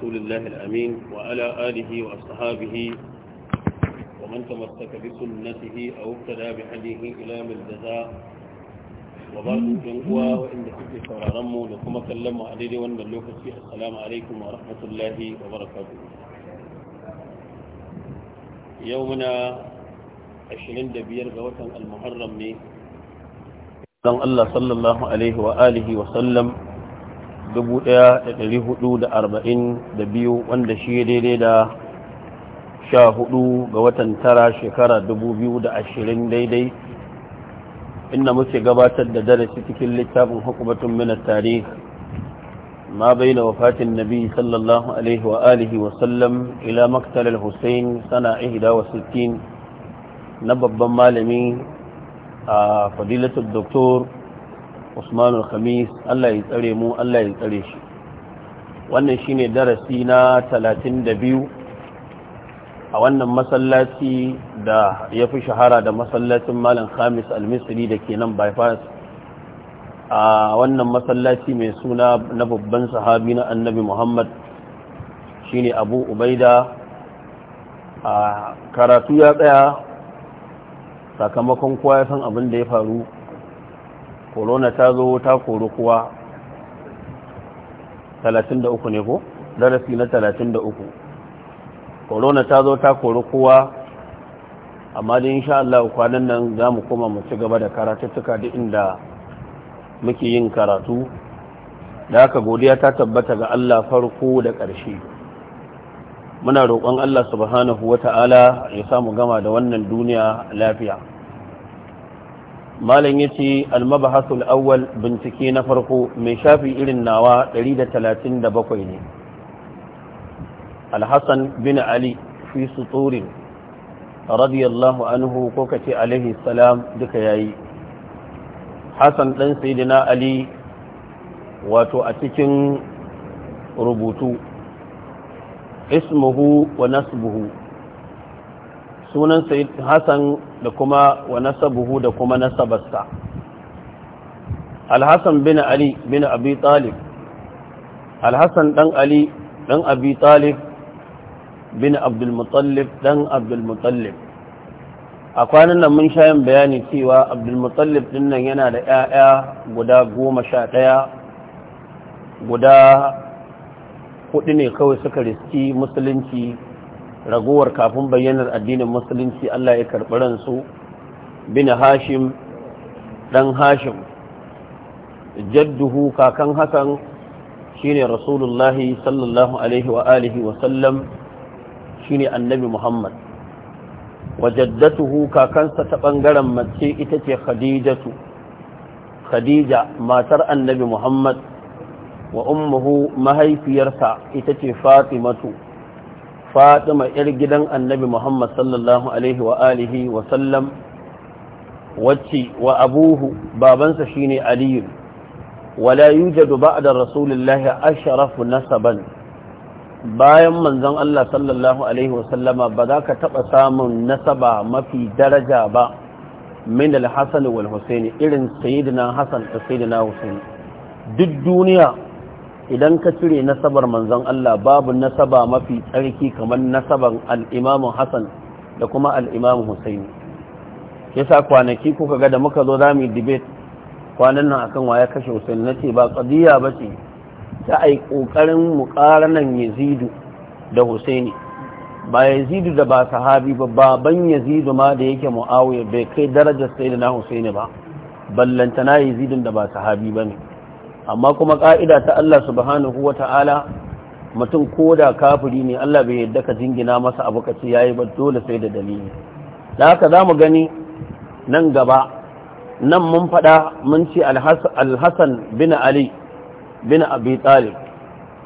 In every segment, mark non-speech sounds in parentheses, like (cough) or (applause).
رسول الله الأمين وعلى آله وأصحابه ومن تمسك بسنته أو ابتدى بحديه إلى من جزاء وبعد الجنوة وإن كنت فرارمه لكم أكلم عليه وأن في السلام عليكم ورحمة الله وبركاته يومنا عشرين دبير watan المحرم من الله صلى الله عليه وآله وسلم biyu wanda shi daidai da sha hudu ga watan tara shekara ashirin daidai inda muke gabatar da darasi cikin littafin hukumatun minar tarih ما بين وفاة النبي صلى الله عليه وآله وسلم إلى مقتل الحسين na babban malami a fadilatar الدكتور al khamis Allah ya tsare mu Allah ya tsare shi wannan shine darasi na 32 a wannan masallaci da ya fi shahara da masallacin malam khamis al-misri da ke nan bypass a wannan masallaci mai suna na babban sahabi na annabi muhammad shine abu ubaida a karatu ya tsaya sakamakon kowa ya san abin da ya faru korona ta zo ta kori kuwa 33 ne ko darasi na 33 korona ta zo ta kori kuwa amma da insha Allah kwanan nan za mu koma mu ci gaba da karatuttuka duk inda muke yin karatu da haka godiya ta tabbata ga Allah farko da ƙarshe muna roƙon Allah subhanahu wa ta'ala ya samu gama da wannan duniya lafiya malam ya ce almabahasul awwal bincike na farko mai shafi irin nawa 137 ne alhassan bin ali fi suturin radiyallahu anhu ko kace alaihi salam duka yayi hassan ɗan Saidina ali wato a cikin rubutu ismuhu wa nasbuhu sunan sayid hassan da kuma wa nasabuhu da kuma nasabarsa alhassan bin ali bin abi talib alhassan dan ali dan abi talib bin abdulmutallib dan abdulmutallib a kwanan nan mun shayin bayani cewa abdulmutallib din nan yana da 'ya'ya guda goma sha ɗaya guda hudu ne kawai suka riski musulunci ragowar kafin bayyanar addinin musulunci Allah ya karɓi ransu bin hashim ɗan hashim jadduhu kakan hakan shine rasulullahi sallallahu alaihi wa alihi shine annabi muhammad wajaddatuhu kakansa ta ɓangaren mace ita ce khadijatu khadija matar annabi muhammad wa ummuhu mahaifiyarsa ita ce fatimatu fatima yar gidan annabi muhammad sallallahu alaihi wa alihi wa sallam wacce wa abuhu babansa shine aliyu wala yujadu ba'da rasulillahi asharafu nasaban bayan manzon Allah sallallahu alaihi wa sallama ba za ka taba samun nasaba mafi daraja ba min al-hasan wal husaini irin sayyidina Hassan da sayyidina husaini duk duniya idan ka cire nasabar manzon Allah babu nasaba mafi tsarki kamar nasaban al-Imam Hassan da kuma al-Imam Husaini yasa kwanaki kuka ga da muka zo zamu debate kwanan nan akan waya kashe na nace ba qadiya bace ta ai kokarin muqaranan Yazid da Husaini ba yazidu da ba sahabi ba baban Yazid ma da yake Muawiya bai kai darajar na Hussein ba ballantana Yazid da ba sahabi ba ne. amma kuma ƙa'ida ta Allah subhanahu wa ta'ala mutum ko da kafiri ne Allah bai yadda ka jingina masa abu kaci ya yi ba dole sai da dalili da haka za mu gani nan gaba nan mun faɗa mun ce alhassan bin ali bin abi talib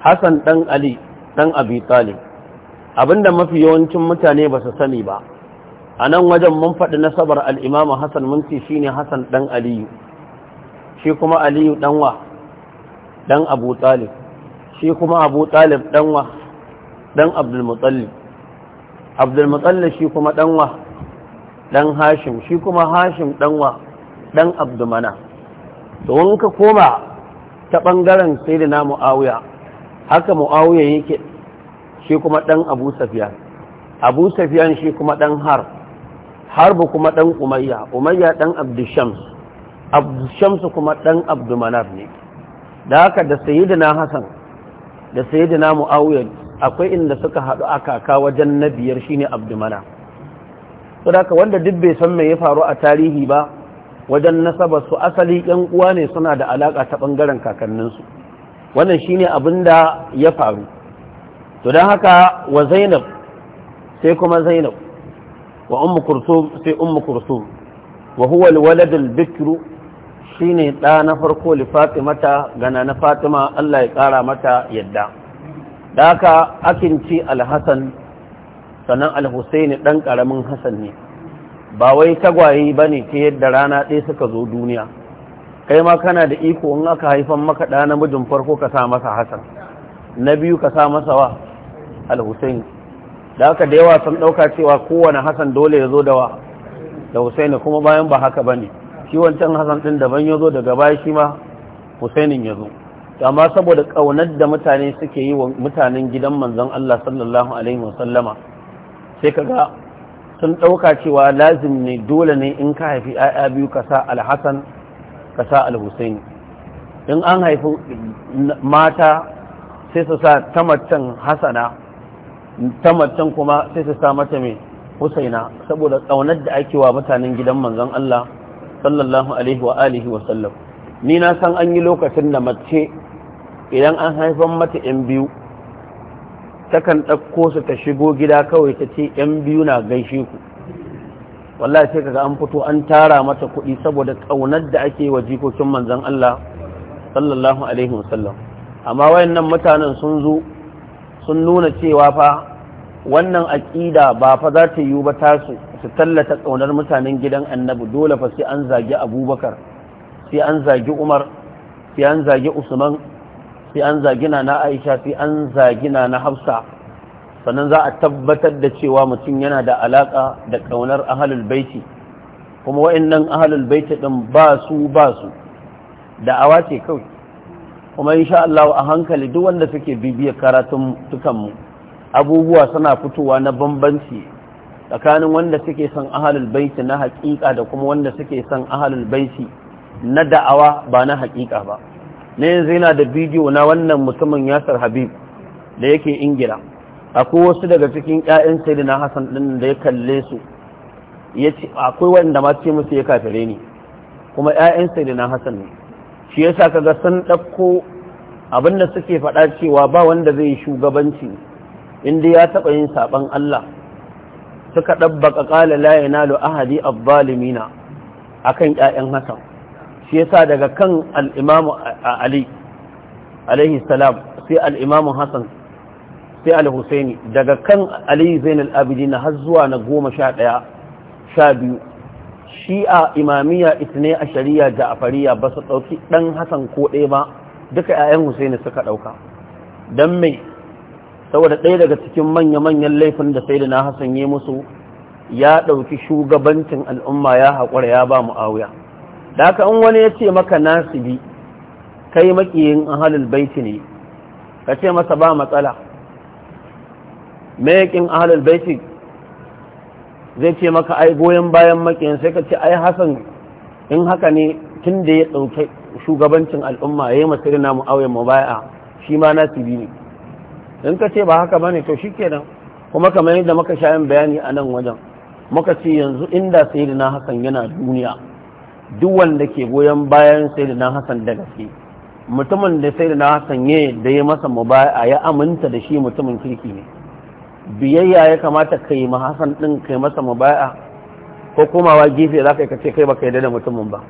hassan ɗan ali ɗan abi talib abinda mafi yawancin mutane ba su sani ba a nan wajen mun faɗi nasabar al'imama hassan mun ce shi ne hassan ɗan aliyu shi kuma aliyu wa. dan abu talib shi kuma abu talib dan wa dan abdulmutallib abdulmutallib shi kuma dan wa dan hashim shi kuma hashim dan wa dan abdumana to in ka koma ta bangaren sayyidina muawiya haka muawiya yake shi kuma dan abu safiyan abu safiyan shi kuma dan har harbu kuma dan umayya umayya dan abdushams abdushams kuma dan abdumanaf ne da haka da sayyidina hasan da sayyidina mu'awiyar akwai inda suka haɗu a kaka wajen na biyar shine abdumana to da haka wanda duk bai san mai ya faru a tarihi ba wajen nasaba su asali yan uwa ne suna da alaka ta ɓangaren kakanninsu wannan shine abin da ya faru to don haka wa zainab sai kuma zainab wa ummu kursum sai ummu kursum wa huwa alwaladul bikru Shi ne ɗa na farko li mata, gana na fatima Allah ya ƙara mata yadda da aka akinci alhassan sannan alhussaini ɗan ƙaramin hassan ne ba wai tagwaye ba ne ta yadda rana ɗaya suka zo duniya kai ma kana da iko in aka haifan maka ɗa namijin farko ka sa masa hassan na biyu ka sa masa wa alhussaini da aka da yawa sun ɗauka cewa kowane hassan dole ya zo da wa da hussaini kuma bayan ba haka ba ne shi wancan hasan ɗin daban ya zo daga baya shi ma husainin ya zo amma saboda ƙaunar da mutane suke yi wa mutanen gidan manzon Allah sallallahu alaihi wasallama sai kaga sun ɗauka cewa lazim ne dole ne in ka haifi ‘ya'ya biyu ka sa alhassan ka sa alhussaini in an haifi mata sai su sa tamatan hasana tamatan kuma sai su sa mata mai husaina saboda ƙaunar da ake wa mutanen gidan manzon Allah sallallahu alaihi wa alihi wa sallam ni na san an yi lokacin da mace idan an haifan mata yan biyu takan ɗauko su ta shigo gida kawai ta ce yan biyu na gaishe ku wallahi sai kaga an fito an tara mata kuɗi saboda ƙaunar da ake wa jikokin manzon Allah sallallahu alaihi wa sallam. amma wayannan mutanen sun zo sun nuna cewa fa wannan aƙida ba fa za ta yiwu ba tasu su tallata ƙaunar mutanen gidan annabi dole fa sai an zagi abubakar sai an zagi umar sai an zagi usman sai an zagi na na aisha sai an zagi na na hafsa sannan za a tabbatar da cewa mutum yana da alaka da ƙaunar ahalul baiti kuma wa'annan ahalul baiti din ba su ba su da'awa ce kawai kuma insha Allah a hankali duk wanda suke bibiyar karatun mu abubuwa suna fitowa na bambanci tsakanin wanda suke son ahalul baiti na haƙiƙa da kuma wanda suke son ahalul baiti na da'awa ba na haƙiƙa ba na yanzu yana da bidiyo na wannan mutumin yasar habib da yake ingila akwai wasu daga cikin 'ya'yan sai na hassan ɗin da ya kalle su akwai wanda ma ce musu ya kafire ne kuma 'ya'yan sai na hassan ne shi yasa kaga sun ɗauko abin da suke faɗa cewa ba wanda zai yi shugabanci inda ya taɓa yin saɓan Allah suka ɗabbaka ƙala laye nalo ahadi a kan ‘ya'yan Hassan shi yasa daga kan al'imamu Ali alaihi salam sai al'imamu Hassan sai al-Husaini daga kan Ali Zainal Abidin har zuwa na goma sha ɗaya sha biyu shi'a imamiya itne a shari'a da fariya ba su ɗauki ɗan Hassan ko ɗaya ba duka ‘ya'yan Husaini suka ɗauka don mai saboda ɗaya daga cikin manya-manyan laifin da sai da na hasan yi musu ya ɗauki shugabancin al'umma ya haƙura ya ba mu'awiya da haka in wani ya ce maka nasibi kai makiyin ahalul baiti ne ka ce masa ba matsala mayakin ahalul baiti zai ce maka ai goyon bayan makiyin sai ka ce ai hasan in haka ne tun da ya ɗauki shugabancin al'umma ya yi masu rina mu'awiyar mubaya shi ma nasibi ne in ka ce ba haka ba ne to shi kenan kuma kamar yadda muka sha yin bayani a nan wajen muka ce yanzu inda na hasan yana duniya duk wanda ke goyon bayan na hasan da gaske mutumin da na hasan ya da ya masa mu a ya aminta da shi mutumin kirki ne biyayya ya kamata ka yi mahasan ɗin ka yi masa mu mubaya ko komawa gefe za ka yi kace kai ba ka yi da mutumin ba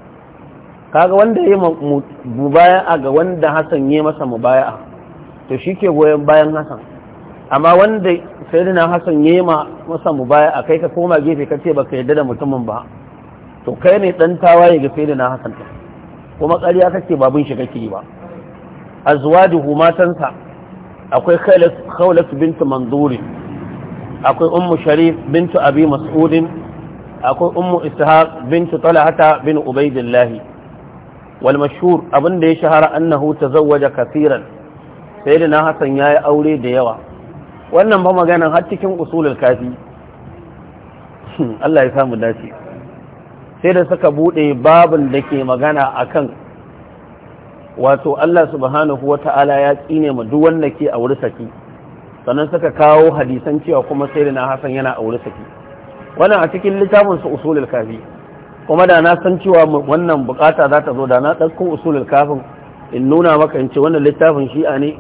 kaga wanda ya yi mu a ga wanda hasan ya masa mubaya to shi ke goyon bayan hasan amma wanda sayyidina hasan ya yi masa mu baya a kai ka koma gefe ka ce ba ka yarda da mutumin ba to kai ne dan tawaye ga sayyidina hasan ta kuma ƙarya kake babun shi kake yi ba azwajuhu matansa akwai khawlat bint manzuri akwai ummu sharif bint abi mas'ud akwai ummu ishaq bint talhata bin Ubaidullahi, wal mashhur abinda ya shahara annahu tazawwaja kaseeran sai da na hasan ya yi aure da yawa wannan ba maganin har cikin usulul kafi Allah ya samu dace sai da suka bude babin da ke magana akan wato Allah subhanahu ta'ala ya tsine ma duk wanda ke a wuri saki sannan suka kawo hadisan cewa kuma sai da na hasan yana a wuri saki wannan a cikin littafin su usulul kafi kuma da na san cewa wannan bukata za ta zo da na ɗaukun usulul kafin in nuna maka in ce wannan littafin shi'a ne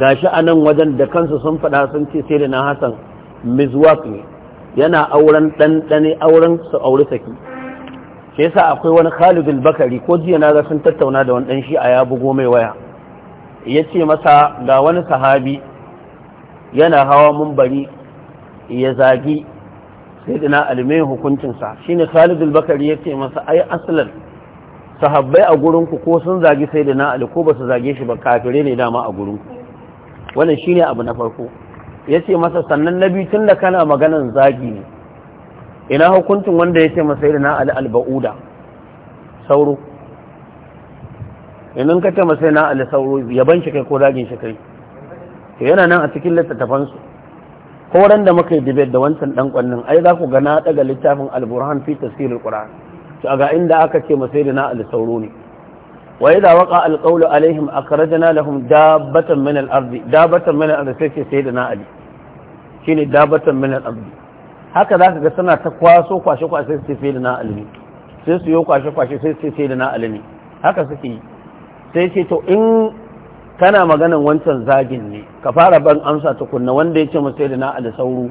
Ga shi a nan wajen da kansu sun fada sun ce sai da na hasan mizwak ne yana auren ɗanɗane auren su auri saki shi yasa akwai wani khalidul bakari ko jiya na ga sun tattauna da wani dan shi a ya bugo mai waya ya ce masa ga wani sahabi yana hawa bari ya zagi sai da na alimai hukuncinsa shi ne khalidul bakari ya ce masa ai asalar sahabbai a gurinku ko sun zagi sai da na ali ko ba su zage shi ba Kafire ne dama a gurinku wannan shine abu na farko ya ce masa sannan na biyu tun da kana maganan zagi ne ina hukuncin wanda ya ce masa yi na alba'uda sauro idan ka masa na ali sauro yaban shi kai ko zagin shi kai to yana nan a cikin littattafansu ko ran da muka yi debate da wancan dan kwannin ai za ku ga na daga littafin alburhan fi tafsirul qur'an to ga inda aka ce masa na ali sauro ne wa da waka alqawlu alaihim akhrajna lahum da min al-ardi dabbatan min al-ardi sai sayyidina ali shine dabbatan min al-ardi haka za ka ga suna ta kwaso kwashe kwashe sai sayyidina ne sai su yi kwashe kwashe sai sayyidina ne haka suke yi sai ce to in kana maganan wancan zagin ne ka fara ban amsa tukunna wanda ya ce mu sayyidina ali sauru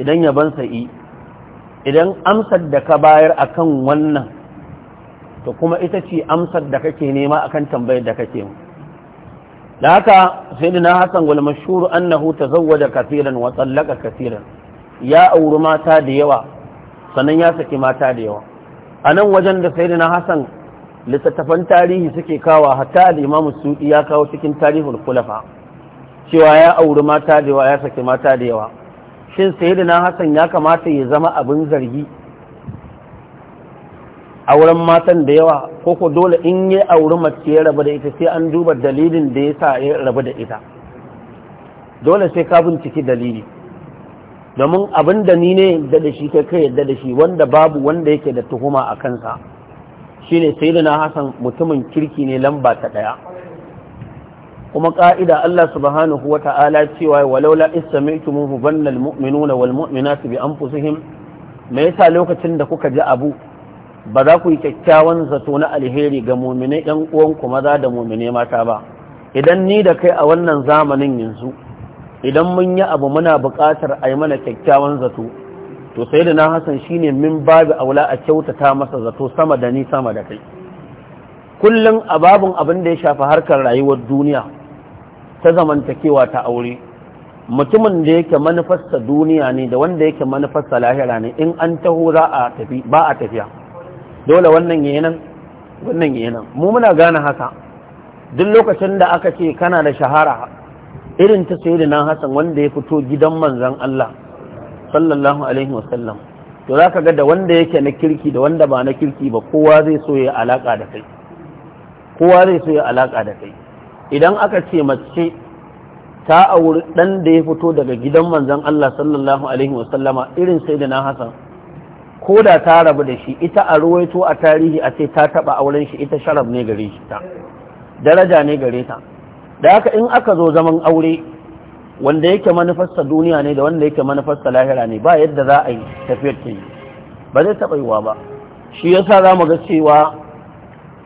idan ya ban sa'i idan amsar da ka bayar akan wannan to kuma ita ce amsar da kake nema akan tambayar da kake mu da haka na hasan wal mashhur annahu tazawwaja kaseeran wa tallaqa kaseeran ya auri mata da yawa sannan ya saki mata da yawa a nan wajen da sayyidina hasan littattafan tarihi suke kawa hatta al-imam suudi ya kawo cikin tarihul khulafa cewa ya auri mata da yawa ya saki mata da yawa shin sayyidina hasan ya kamata ya zama abin zargi auren matan da yawa ko ko dole in ya auri mace ya rabu da ita sai an duba dalilin da ya sa ya rabu da ita dole sai ka binciki dalili domin abin da ni ne yadda da shi kai kai yadda da shi wanda babu wanda yake da tuhuma a kansa shine sai da na hasan mutumin kirki ne lamba ta ɗaya kuma ka'ida Allah subhanahu Ta'ala cewa istami'tu muhu bannal mu'minuna wal mu'minatu bi anfusihim me yasa lokacin da kuka ji abu ba za ku yi kyakkyawan zato na alheri ga mumine ɗan uwanku maza da mumine mata ba idan ni da kai a wannan zamanin yanzu idan mun yi abu muna buƙatar a yi mana kyakkyawan zato to sai da na hasan shine min babu aula a kyautata masa zato sama da ni sama da kai kullum a babun abin da ya shafi harkar rayuwar duniya ta zamantakewa ta aure mutumin da yake manufasta duniya ne da wanda yake manufasta lahira ne in an taho za a tafi ba a tafiya dole wannan yi nan wannan yi nan mu muna gane haka duk lokacin da aka ce kana da shahara irin ta nan Hassan wanda ya fito gidan manzan Allah sallallahu alaihi wasallam to za ga da wanda yake na kirki da wanda ba na kirki ba kowa zai so ya alaka da kai kowa zai so ya alaka da kai idan aka ce mace ta auri dan da ya fito daga gidan manzan Allah sallallahu alaihi wasallama irin sayyidina Hassan ko da ta rabu da shi ita a ruwaito a tarihi a ce ta taba auren shi ita sharaf ne gare shi ta daraja ne gare ta da haka in aka zo zaman aure wanda yake manufarsa duniya ne da wanda yake manufarsa lahira ne ba yadda za a yi tafiyar ta yi ba zai taɓa yiwa ba shi yasa za mu ga cewa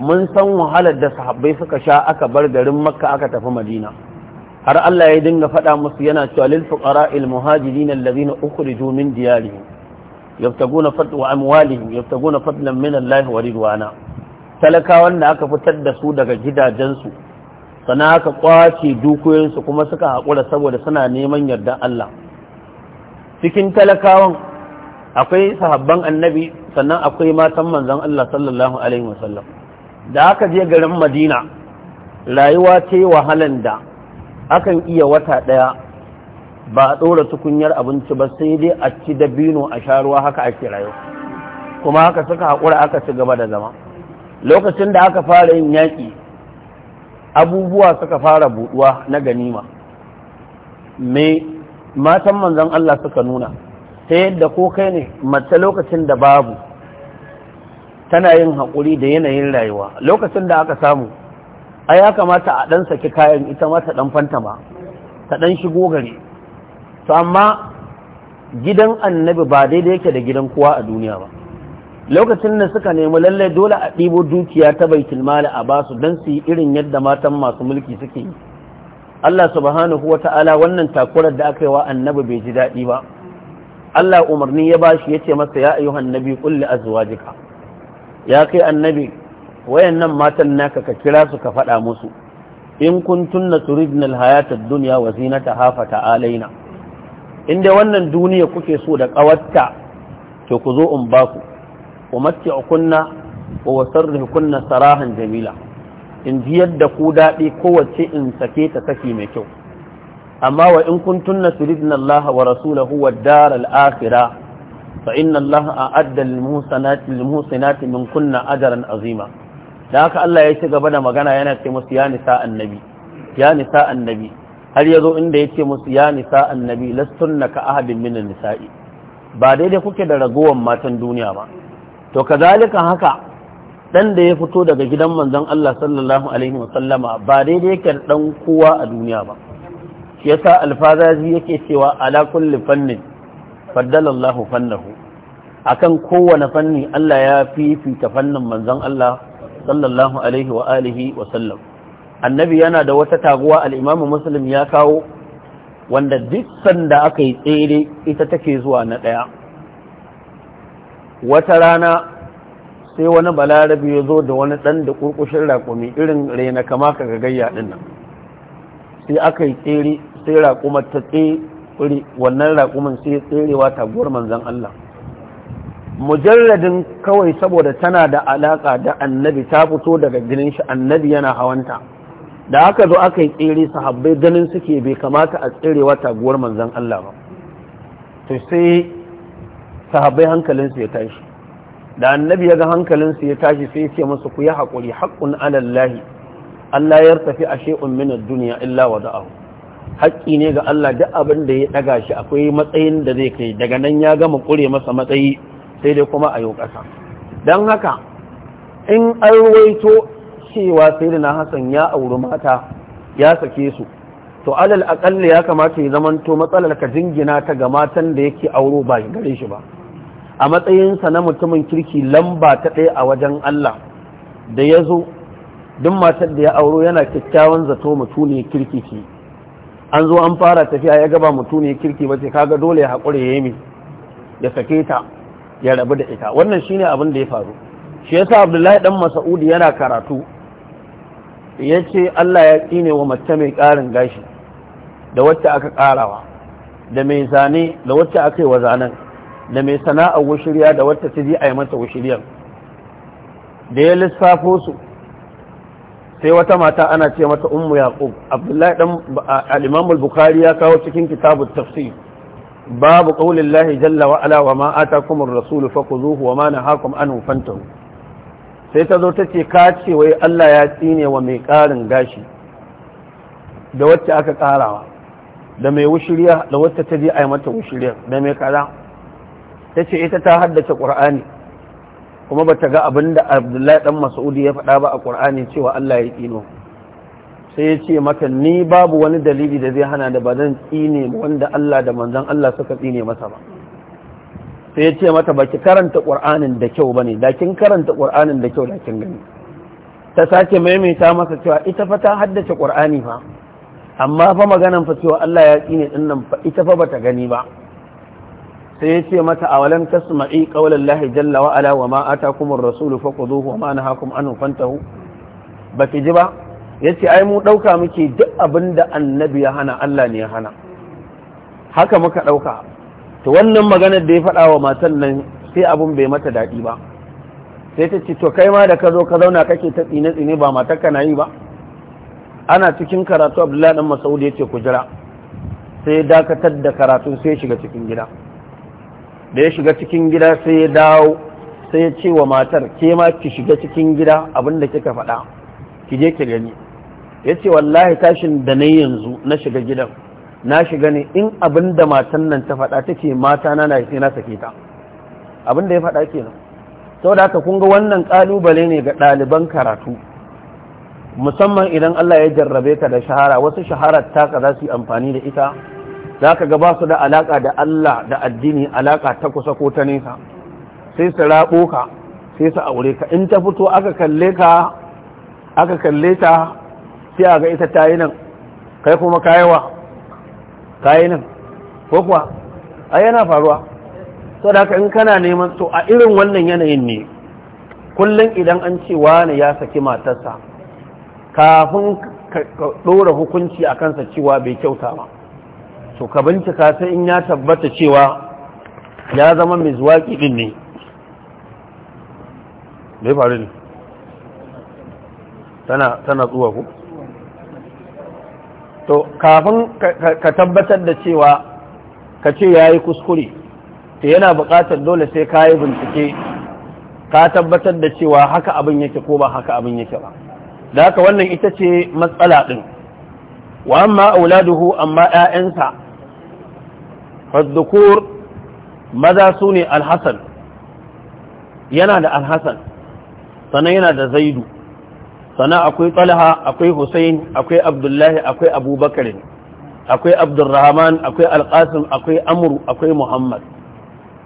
mun san wahalar da sahabbai suka sha aka bar garin makka aka tafi madina har Allah ya dinga faɗa musu yana cewa lil fuqara al muhajirin allazina ukhriju min diyarihim yaftaguna fadwa amwalihim yaftaguna fadlan min Allah wa ridwana talakawan da aka fitar da su daga gidajensu sana aka kwace dukiyoyinsu kuma suka hakura saboda suna neman yarda Allah cikin talakawan akwai sahabban annabi sannan akwai matan manzon Allah sallallahu alaihi wasallam da aka je garin Madina rayuwa ce wahalan da akan iya wata daya ba a ɗora tukunyar abinci ba sai dai a ci dabino a sha ruwa haka ake rayu kuma haka suka haƙura aka ci gaba da zama lokacin da aka fara yin yaƙi abubuwa suka fara buɗuwa na ganima me matan manzan Allah suka nuna ta yadda ko kai ne mace lokacin da babu tana yin haƙuri da yanayin rayuwa lokacin da aka samu a ya kamata a ɗan saki kayan ita ma ta ɗan ma, ta ɗan shigo gari to amma gidan annabi ba daidai yake da gidan kowa a duniya ba lokacin da suka nemi lallai dole a ɗibo dukiya ta baitul mali a basu don su yi irin yadda matan masu mulki suke yi Allah subhanahu wa ta'ala wannan takurar da aka yi wa annabi bai ji daɗi ba Allah umarni ya bashi ya ce masa ya ayyuhan nabi kulli azwajika ya kai annabi wayannan matan naka ka kira su ka faɗa musu in kuntunna turidna alhayata hayatar dunya wa zinataha fa alaina. inda wannan duniya kuke so da ƙawarta to ku zo in baku umarci a kunna wa wasarri kunna sarahan jamila in ji yadda ku daɗi kowace in sake ta saki mai kyau amma wa in kun tunna turidna Allah wa rasulahu wa dar al fa inna Allah a'adda lil min kunna adaran azima da haka Allah ya ci gaba da magana yana ce musu ya nisa annabi ya nisa annabi har yazo inda yace musu ya nisa annabi lastunna ahadin minan nisa'i ba daidai kuke da ragowar matan duniya ba to kazalika haka dan da ya fito daga gidan manzon Allah sallallahu alaihi wasallama ba daidai yake dan kowa a duniya ba shi yasa alfazazi yake cewa ala kulli fannin faddala fannahu akan kowane fanni Allah ya fifita fannin manzon Allah sallallahu alaihi wa alihi wa sallam annabi yana da wata taguwa al'imamu muslim ya kawo wanda duk sanda aka yi tsere ita take zuwa na ɗaya wata rana sai wani balarabi ya zo da wani ɗan da ƙurƙushin raƙumi irin rena kama ka gayya ɗin nan sai aka yi tsere sai raƙumar ta tsere wannan raƙumin sai tserewa taguwar manzan Allah mujalladin kawai saboda tana da alaƙa da annabi ta fito daga ginin shi annabi yana hawanta da aka zo aka yi tsere sahabbai ganin suke bai kamata a tsere wata guwar manzan Allah ba to sai sahabbai hankalinsu ya tashi da annabi ya ga hankalinsu ya tashi sai ce musu ku yi haƙuri haƙƙun alallahi Allah ya tafi a she'un min duniya illa wa da'ahu haƙƙi ne ga Allah duk abin da ya daga shi akwai matsayin da zai kai daga nan ya gama kure masa matsayi sai dai kuma a yau ƙasa don haka in an cewa sai da na Hassan ya auri mata ya sake su to alal akalla ya kamata ya zamanto matsalar ka jingina ta ga matan da yake auro ba gare shi ba a matsayinsa na mutumin kirki lamba ta ɗaya a wajen Allah da ya zo duk matar da ya auro yana kyakkyawan zato mutune kirki ce an zo an fara tafiya ya gaba mutune kirki ba ce kaga dole ya haƙura ya yi ya sake ta ya rabu da ita wannan shine abin da ya faru shi yasa abdullahi dan mas'ud yana karatu yace Allah ya tsine wa mace mai karin gashi da wacce aka ƙarawa, da mai zane da wacce aka yi wa zanen da mai sana'a wushiriya da wacce ta ji a yi mata wushiriyar da ya lissafo su sai wata mata ana ce mata ummu yaqub abdullahi dan al-imam al-bukhari ya kawo cikin kitabut tafsir babu qaulin lahi jalla wa ala wa ma atakumur rasul faquzuhu wa ma nahakum anhu fantahu sai ta zo ta ce ka ce wai Allah ya tsine wa mai karin gashi da wacce aka karawa da mai wushiriya da wacce ta je a yi mata wushiriya da mai kaza ta ce ita ta haddace ƙur'ani kuma ba ta ga abin da abdullahi ɗan mas'udi ya faɗa ba a ƙur'ani cewa Allah ya tsino sai ya ce mata ni babu wani dalili da zai hana da ba zan tsine wanda Allah da manzan Allah suka tsine masa ba sai ya ce mata baki karanta ƙur'anin da kyau bane da kin karanta ƙur'anin da kyau da kin gani ta sake maimaita masa cewa ita fa ta haddace ƙur'ani fa amma fa maganan fa cewa Allah ya tsine din nan fa ita fa bata gani ba sai ya ce mata awalan tasma'i qawlan lahi jalla wa ala wa ma atakum ar-rasulu faquduhu wa ma nahakum hu? fantahu baki ji ba yace ai mu ɗauka muke duk abinda annabi ya hana Allah ne ya hana haka muka ɗauka. to wannan maganar da ya faɗa wa matan nan sai abun bai mata daɗi ba sai ta ce to kai ma da ka zo ka zauna kake ta tsine tsine ba matar ka na yi ba ana cikin karatu abdullahi dan masaudi ya ce ku jira sai ya dakatar da karatun sai ya shiga cikin gida da ya shiga cikin gida sai ya dawo sai ya ce wa matar ke ma ki shiga cikin gida abin da kika faɗa ki je ki gani ya ce wallahi tashin da na yanzu na shiga gidan na shiga ne in abin da matan nan ta faɗa take mata na na sai na sake ta abin da ya faɗa kenan saboda haka kun ga wannan kalubale ne ga ɗaliban karatu musamman idan Allah ya jarrabe ka da shahara wasu shahara taka za su yi amfani da ita za ka ga ba su da alaka da Allah da addini alaka ta kusa ko ta nesa sai su rabo ka sai su aure ka in ta fito aka kalle ka aka kalle ta sai a ga ita ta yi nan kai kuma kayawa kayi nan ko kuwa a yana faruwa so da in kana neman so a irin wannan yanayin ne kullum idan an ce wani ya saki matarsa kafin ka ɗora hukunci a kansa cewa bai kyauta ba to ka bincika sai in ya tabbata cewa ya zama mai zuwaƙi ɗin ne bai faru ne tana tsuwa ku to kafin ka tabbatar da cewa ka ce ya yi kuskure to yana buƙatar dole sai ka yi bincike ka tabbatar da cewa haka abin yake ko ba haka abin yake ba da haka wannan ita ce matsala ɗin wa amma auladuhu amma 'ya'yansa faddukur maza su ne alhassan yana da alhassan sannan yana da zaidu sana akwai talha akwai husain akwai abdullahi akwai abubakar akwai abdurrahman akwai alqasim akwai amru akwai muhammad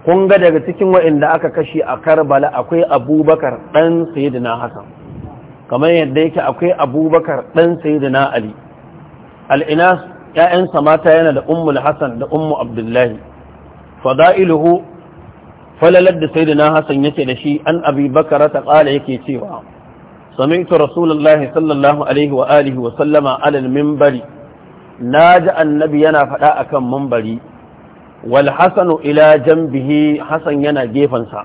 kun ga daga cikin wa'inda aka kashe a karbala akwai abubakar ɗan sayyidina hasan kamar yadda yake akwai abubakar ɗan sayyidina ali al'inas ‘ya'yansa mata yana da ummul hasan da ummu abdullahi fada'iluhu falalar da sayyidina hasan yake da shi an abi bakara ta ƙala yake cewa سمعت رسول الله صلى الله عليه وآله وسلم على المنبر ناجع النبي أنا فلا أكم منبري والحسن إلى جنبه حسن ينا جيفا سا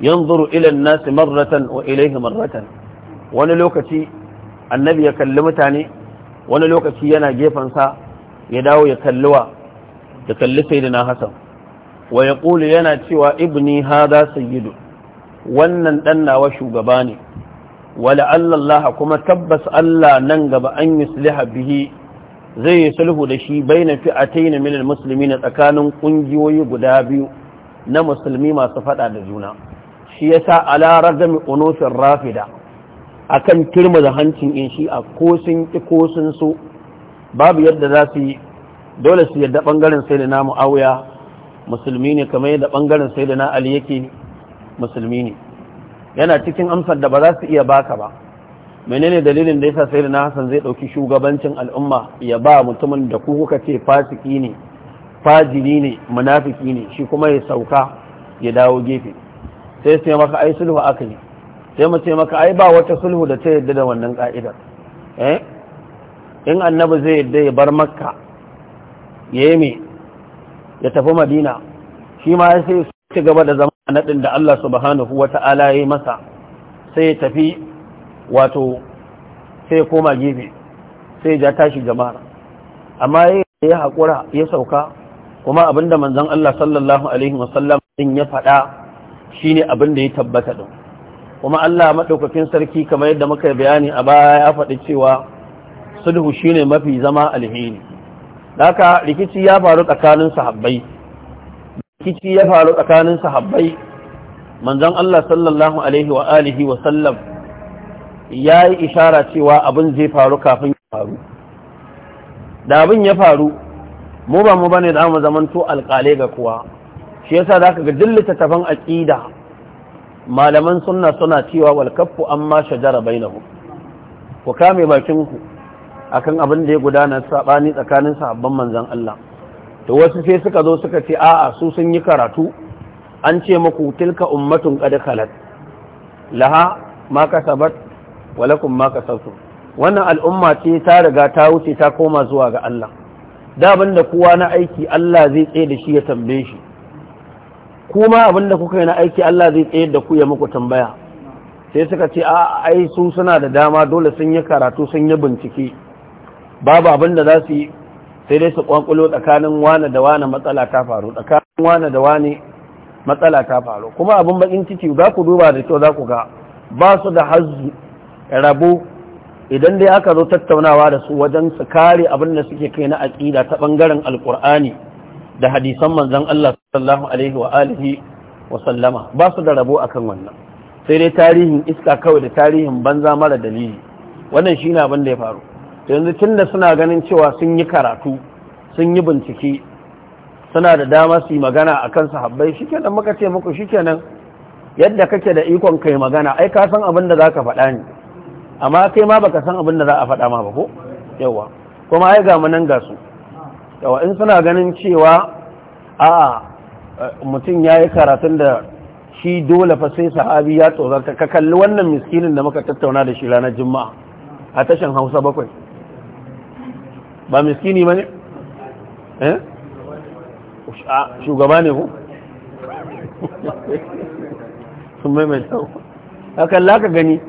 ينظر إلى الناس مرة وإليه مرة wani lokaci annabi ya kalli mutane wani lokaci yana gefensa ya dawo ya kalliwa ya kalli sayyidina hasan wa ya yana cewa ibni hada sayyidu wannan ɗan nawa shugaba ne Wali Allah kuma tabbas Allah nan gaba an yusliha bihi zai yi sulhu da shi baina fi'atayn musulmi na tsakanin ƙungiyoyi guda biyu na musulmi masu faɗa da juna shi yasa ala ragami unusir rafida akan kirma da hancin in shi a ko sun ki ko sun so babu yadda za su yi dole su yadda ɓangaren sai da na mu'awiya musulmi ne kamar yadda bangaren sai da na ali yake musulmi ne yana cikin amsar da ba za su iya baka ba menene dalilin da yasa sai na Hassan zai dauki shugabancin al'umma ya ba mutumin da ku kuka ce fasiki ne fajiri ne munafiki ne shi kuma ya sauka ya dawo gefe sai sai maka ai sulhu akali sai mu ce maka ai ba wata sulhu da ta yadda da wannan ka'idar eh in annabi zai yadda ya bar makka ya yi ya tafi madina shi ma sai ci gaba da zama naɗin da Allah subhanahu wa ta'ala ya yi masa sai ya tafi wato sai ya koma gefe sai ya tashi jama'ar amma ya haƙura ya sauka kuma abinda manzon Allah sallallahu alaihi wasallam din ya faɗa shine abin da ya tabbata din kuma Allah madaukakin sarki kamar yadda muka bayani a baya ya faɗi cewa sulhu shine mafi zama alheri haka rikici ya faru tsakanin sahabbai kici ya faru tsakanin sahabbai manzon Allah sallallahu alaihi wa alihi wa sallam ya yi ishara cewa abin zai faru kafin ya faru da abin ya faru mu ba mu bane da mu zamanto alƙale ga kuwa. shi yasa zaka ga duk tafan aqida malaman sunna suna cewa wal kaffu amma shajara bainahum ku kame bakin ku akan abin da ya gudana sabani tsakanin sahabban manzon Allah to wasu sai suka zo suka ce a'a su sun yi karatu an ce muku tilka ummatun qad khalat laha ma kasabat walakum ma kasabtum wannan al'umma ce ta riga ta wuce ta koma zuwa ga Allah da abinda kowa na aiki Allah zai tsaye da shi ya tambaye shi kuma abinda kuka yi na aiki Allah zai tsaye da ku ya muku tambaya sai suka ce a ai su suna da dama dole sun yi karatu sun yi bincike babu abinda za su yi sai dai su kwankulo tsakanin wane da wane matsala ta faru tsakanin wane da wane matsala ta faru kuma abin bakin ciki za ku duba da kyau za ku ga ba su da hazzu rabo idan dai aka zo tattaunawa da su wajen su kare abin da suke kai na aƙida ta ɓangaren alƙur'ani da hadisan manzon Allah sallallahu alaihi wa alihi wa sallama ba su da rabo akan wannan sai dai tarihin iska kawai da tarihin banza mara dalili wannan shine abin da ya faru yanzu tun da suna ganin cewa sun yi karatu sun yi bincike suna da dama su yi magana a kan sahabbai shi kenan muka ce muku shi kenan yadda kake da ikon kai magana ai ka san abin da za ka faɗa ne amma kai ma baka san abin da za a faɗa ma ba ko yawa kuma ai ga nan ga su yawa in suna ganin cewa a mutum ya yi karatun da shi dole fa sai sahabi ya tsoraka ka kalli wannan miskinin da muka tattauna da shi ranar juma'a a tashin hausa bakwai ba miskini ba ne? eh? shugaba ne ku? sun maimaita hakan laka gani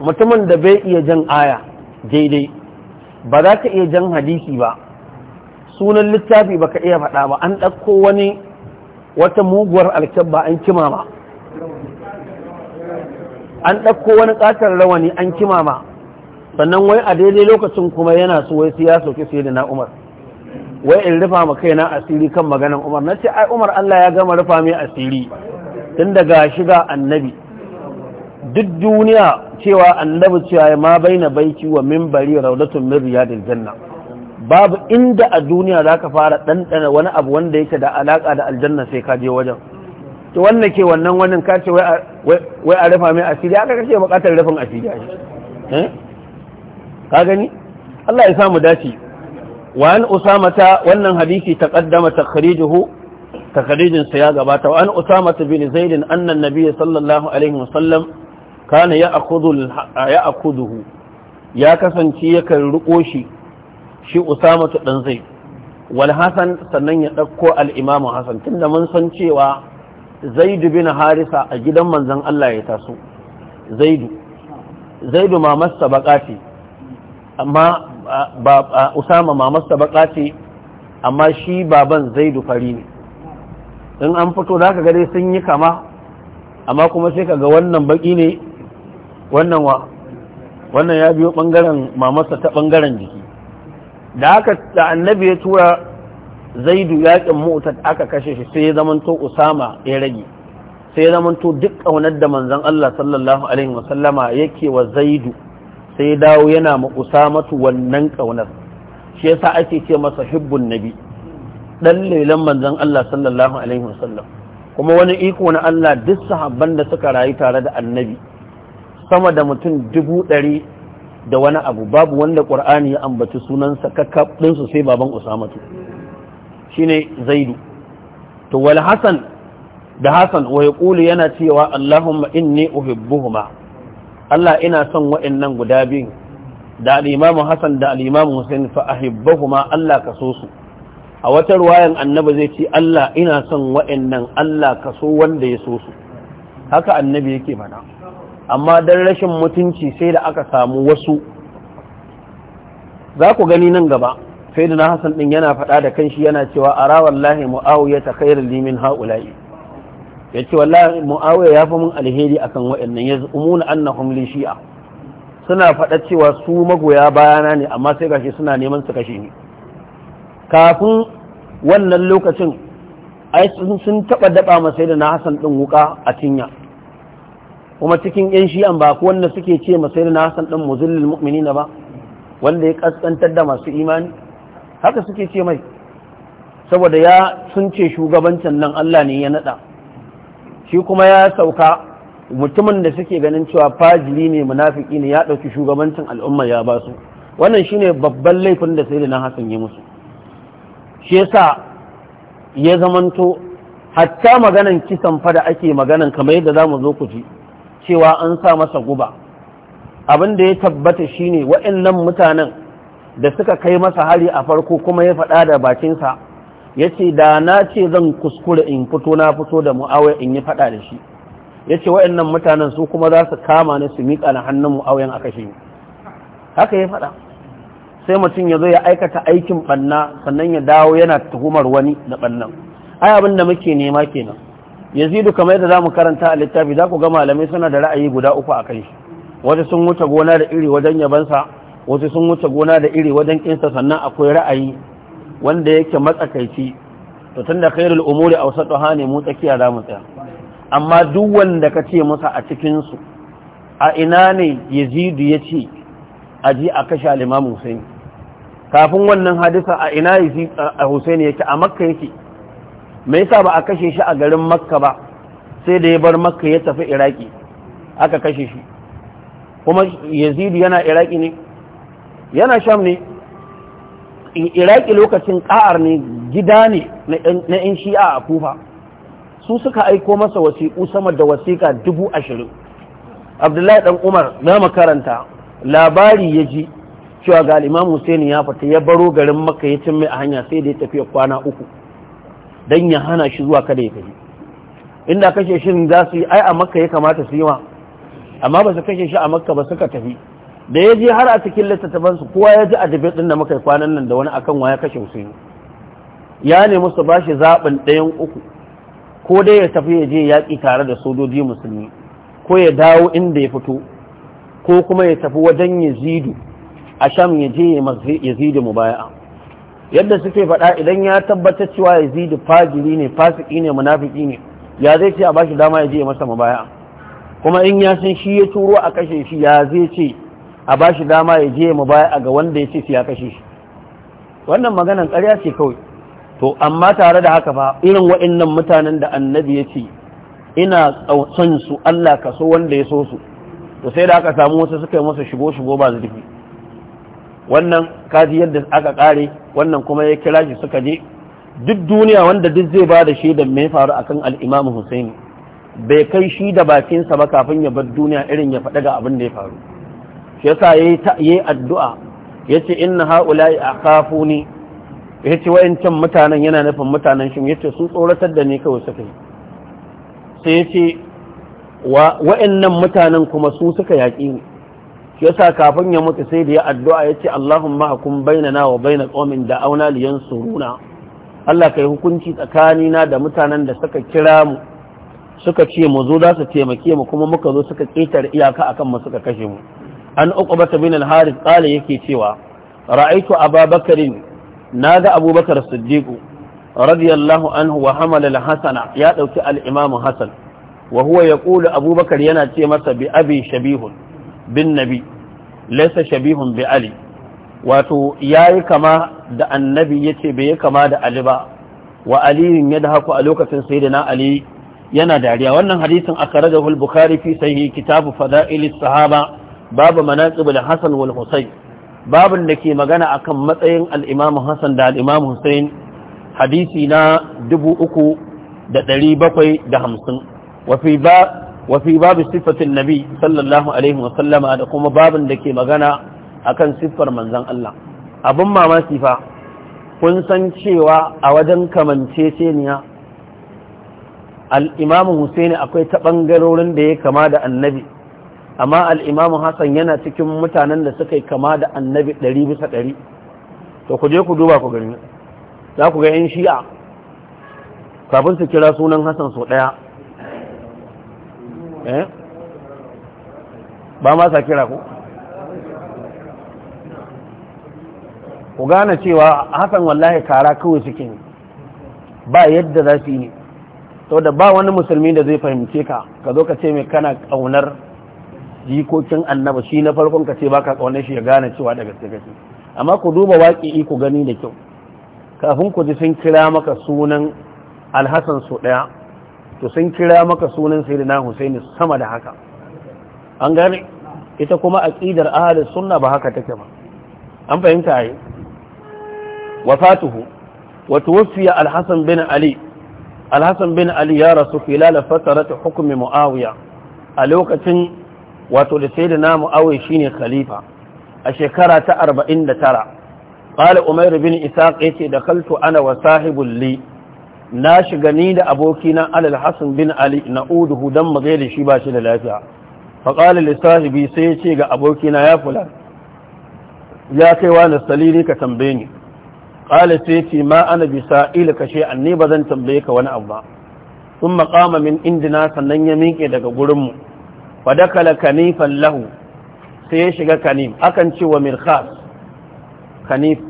mutumin da bai iya jan aya daidai ba za ka iya jan hadisi ba sunan littafi ba ka iya faɗa ba an ɗauko wani wata muguwar alkyabba an kima ba an ɗauko wani ƙasar rawani an kima ba sannan wai a daidai lokacin kuma yana so wai ya soke sai da na umar wai in rufa ma kaina asiri kan maganan umar na ce ai umar allah ya gama rufa mai asiri tun daga shiga annabi duk duniya cewa annabi cewa ma baina baiki wa minbari raudatun min riyadil janna babu inda a duniya za ka fara ɗanɗana wani abu wanda yake da alaƙa da aljanna sai ka je wajen to wannan ke wannan wannan ka ce wai a rufa mai asiri aka kace bukatar rufin asiri eh ka gani Allah ya samu dace wa an usamata wannan hadisi ta takhrijuhu takhrijin sa ya gabata wa an usamata bin zaid anna an-nabiy sallallahu alaihi wasallam kana ya'khudhu ya'khudhu ya kasance yakan riko shi shi usamata dan zaid wal hasan sannan ya dauko al-imam hasan tunda mun san cewa zaid bin harisa a gidan manzon Allah ya taso zaidu zaidu mamarsa baqati amma ba usama mamar sabaka ce amma shi baban zaidu fari ne in an fito da ka gare sun yi kama amma kuma sai ka ga wannan baki ne wannan wa wannan ya biyo bangaren mamasta ta bangaren jiki da aka da annabi ya tura zaidu yakin muta aka kashe shi sai ya zamanto usama ya rage sai ya zamanto duk kaunar da manzon Allah sallallahu alaihi wasallama yake wa zaidu sai dawo yana ma usamatu wannan ƙaunar shi yasa ake ce masa hibbun nabi dan lailan manzon Allah sallallahu alaihi wasallam kuma wani iko na Allah duk sahabban da suka rayu tare da annabi sama da mutum dubu ɗari da wani abu babu wanda qur'ani ya ambaci sunansa kakkab ɗinsu sai baban usamatu shine zaidu to wal hasan da hasan wa yaqulu yana cewa allahumma inni uhibbuhuma Allah ina son waɗannan guda biyun. da al'imamu Hassan da al'imamu Hussein fa ma Allah ka so su a wata ruwayan annabi zai ce Allah ina son waɗannan Allah ka so wanda ya so su haka annabi yake mana amma don rashin mutunci sai da aka samu wasu za ku gani nan gaba sai da na Hassan ɗin yana faɗa da shi yana cewa a rawar lahi mu'awu ya ta khairul limin ha'ula'i ya ce wallahi mu'awiya ya fi mun alheri akan waɗannan yanzu. umuna annahum li shi'a suna faɗa cewa su magoya bayana ne amma sai gashi suna neman su kashe ni kafin wannan lokacin ai sun taɓa daɓa masai da na hasan ɗin wuka a cinya kuma cikin yan shi'an ba wanda suke ce masai da na hasan ɗin muzullin mu'minina ba wanda ya ƙasƙantar da masu imani haka suke ce mai saboda ya sun ce shugabancin nan Allah ne ya naɗa shi kuma ya sauka mutumin da suke ganin cewa fajiri ne munafiki ne ya ɗauki shugabancin al'umma ya ba su wannan ne babban laifin da sai na hasan ya musu shi yasa ya zamanto hatta maganan kisan fada ake maganan kamar yadda za mu zo ku ji cewa an sa masa guba abin da ya tabbata shine waɗannan mutanen da suka kai masa hari a farko kuma ya faɗa da bakinsa ya ce da na ce zan kuskure in fito na fito da mu'awai in yi faɗa da shi ya ce wa'annan mutanen su kuma za su kama ni su miƙa na hannun mu'awayan a kashe haka ya faɗa sai mutum ya zo ya aikata aikin ɓanna sannan ya dawo yana tuhumar wani da ɓannan ai abin da muke nema kenan yazidu kamar yadda za mu karanta a littafi za ku ga malamai suna da ra'ayi guda uku a kai wasu sun wuce gona da iri wajen yabansa wasu sun wuce gona da iri wajen kinsa sannan akwai ra'ayi wanda yake matsakaici to tunda khairul umuri awsatuha ne mu tsakiya za mu tsaya amma duk wanda ka ce masa a cikin su a ina ne yazidu ya ce a ji a kashe al-imam husaini kafin wannan hadisa a ina yazidu a husaini yake a makka yake me yasa ba a kashe shi a garin makka ba sai da ya bar makka ya tafi iraki aka kashe shi kuma yazidu yana iraki ne yana sham ne iraki lokacin ƙa'ar ne gida ne na 'yan shi'a a kufa su suka aiko masa wasiƙu sama da wasiƙa dubu ashirin abdullahi Dan umar na makaranta labari ya ji cewa ga imam Hussein ya fita ya baro garin maka ya cin mai a hanya sai da ya tafiya kwana uku don ya hana shi zuwa kada ya tafi inda kashe shin za su yi ai a makka ya kamata su yi ma amma ba su kashe shi a makka ba suka tafi da ya je har a cikin littattafansu kowa ya ji a ɗin da muka yi kwanan nan da wani akan waya kashe yi ya nemi su shi zaɓin ɗayan uku ko dai ya tafi ya je yaƙi tare da sojoji musulmi ko ya dawo inda ya fito ko kuma ya tafi wajen Yazidu a Sham ya je mu baya yadda suke faɗa idan ya tabbatar cewa Yazidu fajiri ne fasiki ne munafiki ne ya zai ce a ba shi dama ya je ya masa mu baya? kuma in ya san shi ya turo a kashe shi ya zai ce a ba shi dama ya je mu baya a ga wanda ya ce su ya kashe shi wannan maganan ƙarya ce kawai to amma tare da haka fa irin waɗannan mutanen da annabi ya ce ina son su Allah ka so wanda ya so su to sai da aka samu wasu suka yi masa shigo shigo ba zurfi wannan kaji yadda aka kare wannan kuma ya kira shi suka je duk duniya wanda duk zai ba da da mai faru akan al Hussaini, bai kai shi da bakinsa ba kafin ya bar duniya irin ya faɗi ga abin da ya faru shi yasa yayi yayi addu'a yace inna haula'i akhafuni yace wayancan mutanen yana nufin mutanen shin yace su tsoratar da ni kawai suka yi sai yace wa wayannan mutanen kuma su suka yaki ni shi yasa kafin ya mutu sai da ya addu'a yace Allahumma hakum bainana wa bainal qaumin da'awna liyansuruna Allah kai hukunci tsakanina da mutanen da suka kira mu suka ce mu zo za su taimake mu kuma muka zo suka ƙetare iyaka akan mu suka kashe mu an uqbata bin al-harith qala yake cewa ra'aytu ababakarin naga abubakar siddiq radiyallahu anhu wa hamala al-hasana ya dauki al-imam hasan wa huwa yaqulu abubakar yana ce masa bi abi shabihun bin nabi laysa shabihun bi ali wato yayi kama da annabi yace bai kama da ali ba wa aliyun yadhaku a lokacin sayyidina ali yana dariya wannan hadisin akhrajahu al-bukhari fi sahih kitab fada'il as-sahaba babu manaqibul hasan wal husayn babun da ke magana akan matsayin al-imam hasan da al-imam hadisi na 3750 wafi ba wafi babu sifatin nabi sallallahu alaihi wa sallama da kuma babun da ke magana akan siffar manzon Allah Abin mamaki fa kun san cewa a wajen kamanceceniya al-imam akwai ta bangarorin da ya kama da annabi amma al'imamu hassan yana cikin mutanen da suka yi kama da annabi ɗari bisa ɗari to ku je ku duba ku gani za ku ga yan shi'a kafin su kira sunan hassan sau ɗaya eh? ba ma sa kira ku ku gane cewa hassan wallahi kara kawai suke ne ba yadda za su yi to da ba wani musulmi da zai fahimce ka ka zo ka ce mai kana ƙaunar jikokin annaba shi na farkon ka ce baka kaunar shi ya gane cewa daga gaske amma ku duba waƙi ku gani da kyau kafin ku ji sun kira maka sunan alhassan su ɗaya to sun kira maka sunan sayyidina husaini sama da haka an gane ita kuma aqidar ahlus sunna ba haka take ba an fahimta ai wafatuhu wa tuwfiya al bin ali al bin ali ya rasu khilal fatarati hukmi muawiya a lokacin wato da sai da namu awai shine khalifa a shekara ta 49 qala Umar bin isa yace da kaltu ana wa li na shiga ni da abokina alal hasan bin ali na'uduhu dan mu da shi ba shi da lafiya fa qala li sai ce ga abokina ya fula ya kai wa salili ka tambaye ni qala sai ma ana bi sa'ilaka shay'an ni bazan tambaye ka wani abu ba Sun قام min indina sannan ya miƙe daga gurinmu fadakala kanifan lahu sai ya shiga kanif akan ce wa mirkhas kanif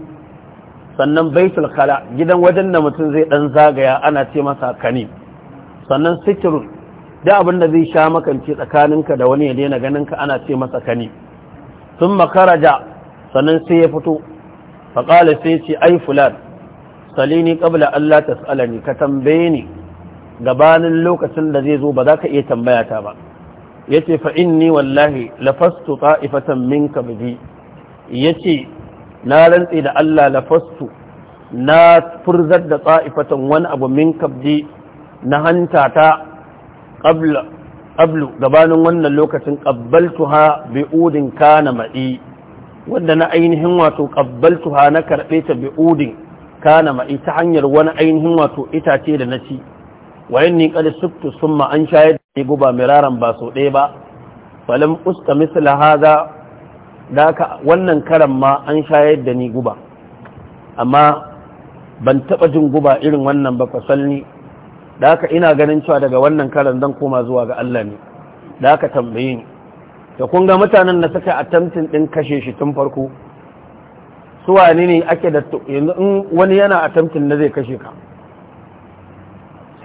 sannan baitul khala gidan wajen da mutum zai dan zagaya ana ce masa kanif sannan sitrul da abin da zai sha makanci tsakaninka da wani ya daina ganinka ana ce masa kanif sun makaraja sannan sai ya fito faƙala sai ce ai fulan salini ƙabla Allah ta ka tambaye ni gabanin lokacin da zai zo ba za ka iya tambaya ta ba yace fa ni wallahi lafastu min minka Ya yace na rantse da Allah lafastu na furzar da ta'ifatan wani abu min kabdi na hanta ta qablu gabanin wannan lokacin qabbaltuha bi udin na ma'i wanda na ainihin wato qabbaltuha na karɓe ta bi udin na ma'i ta hanyar wani ainihin wato itace da na ci. wa ni qad suktu ma an shayar da guba miraran ba so ɗaya ba falam uska misla hada daka wannan karan ma an shayar da ni guba amma ban taba jin guba irin wannan ba fasalni daka ina ganin cewa daga wannan karan zan koma zuwa ga Allah ne daka tambaye ni da kun ga mutanen da suka attempting din kashe shi tun farko su wane ne ake da yanzu in wani yana attempting na zai kashe ka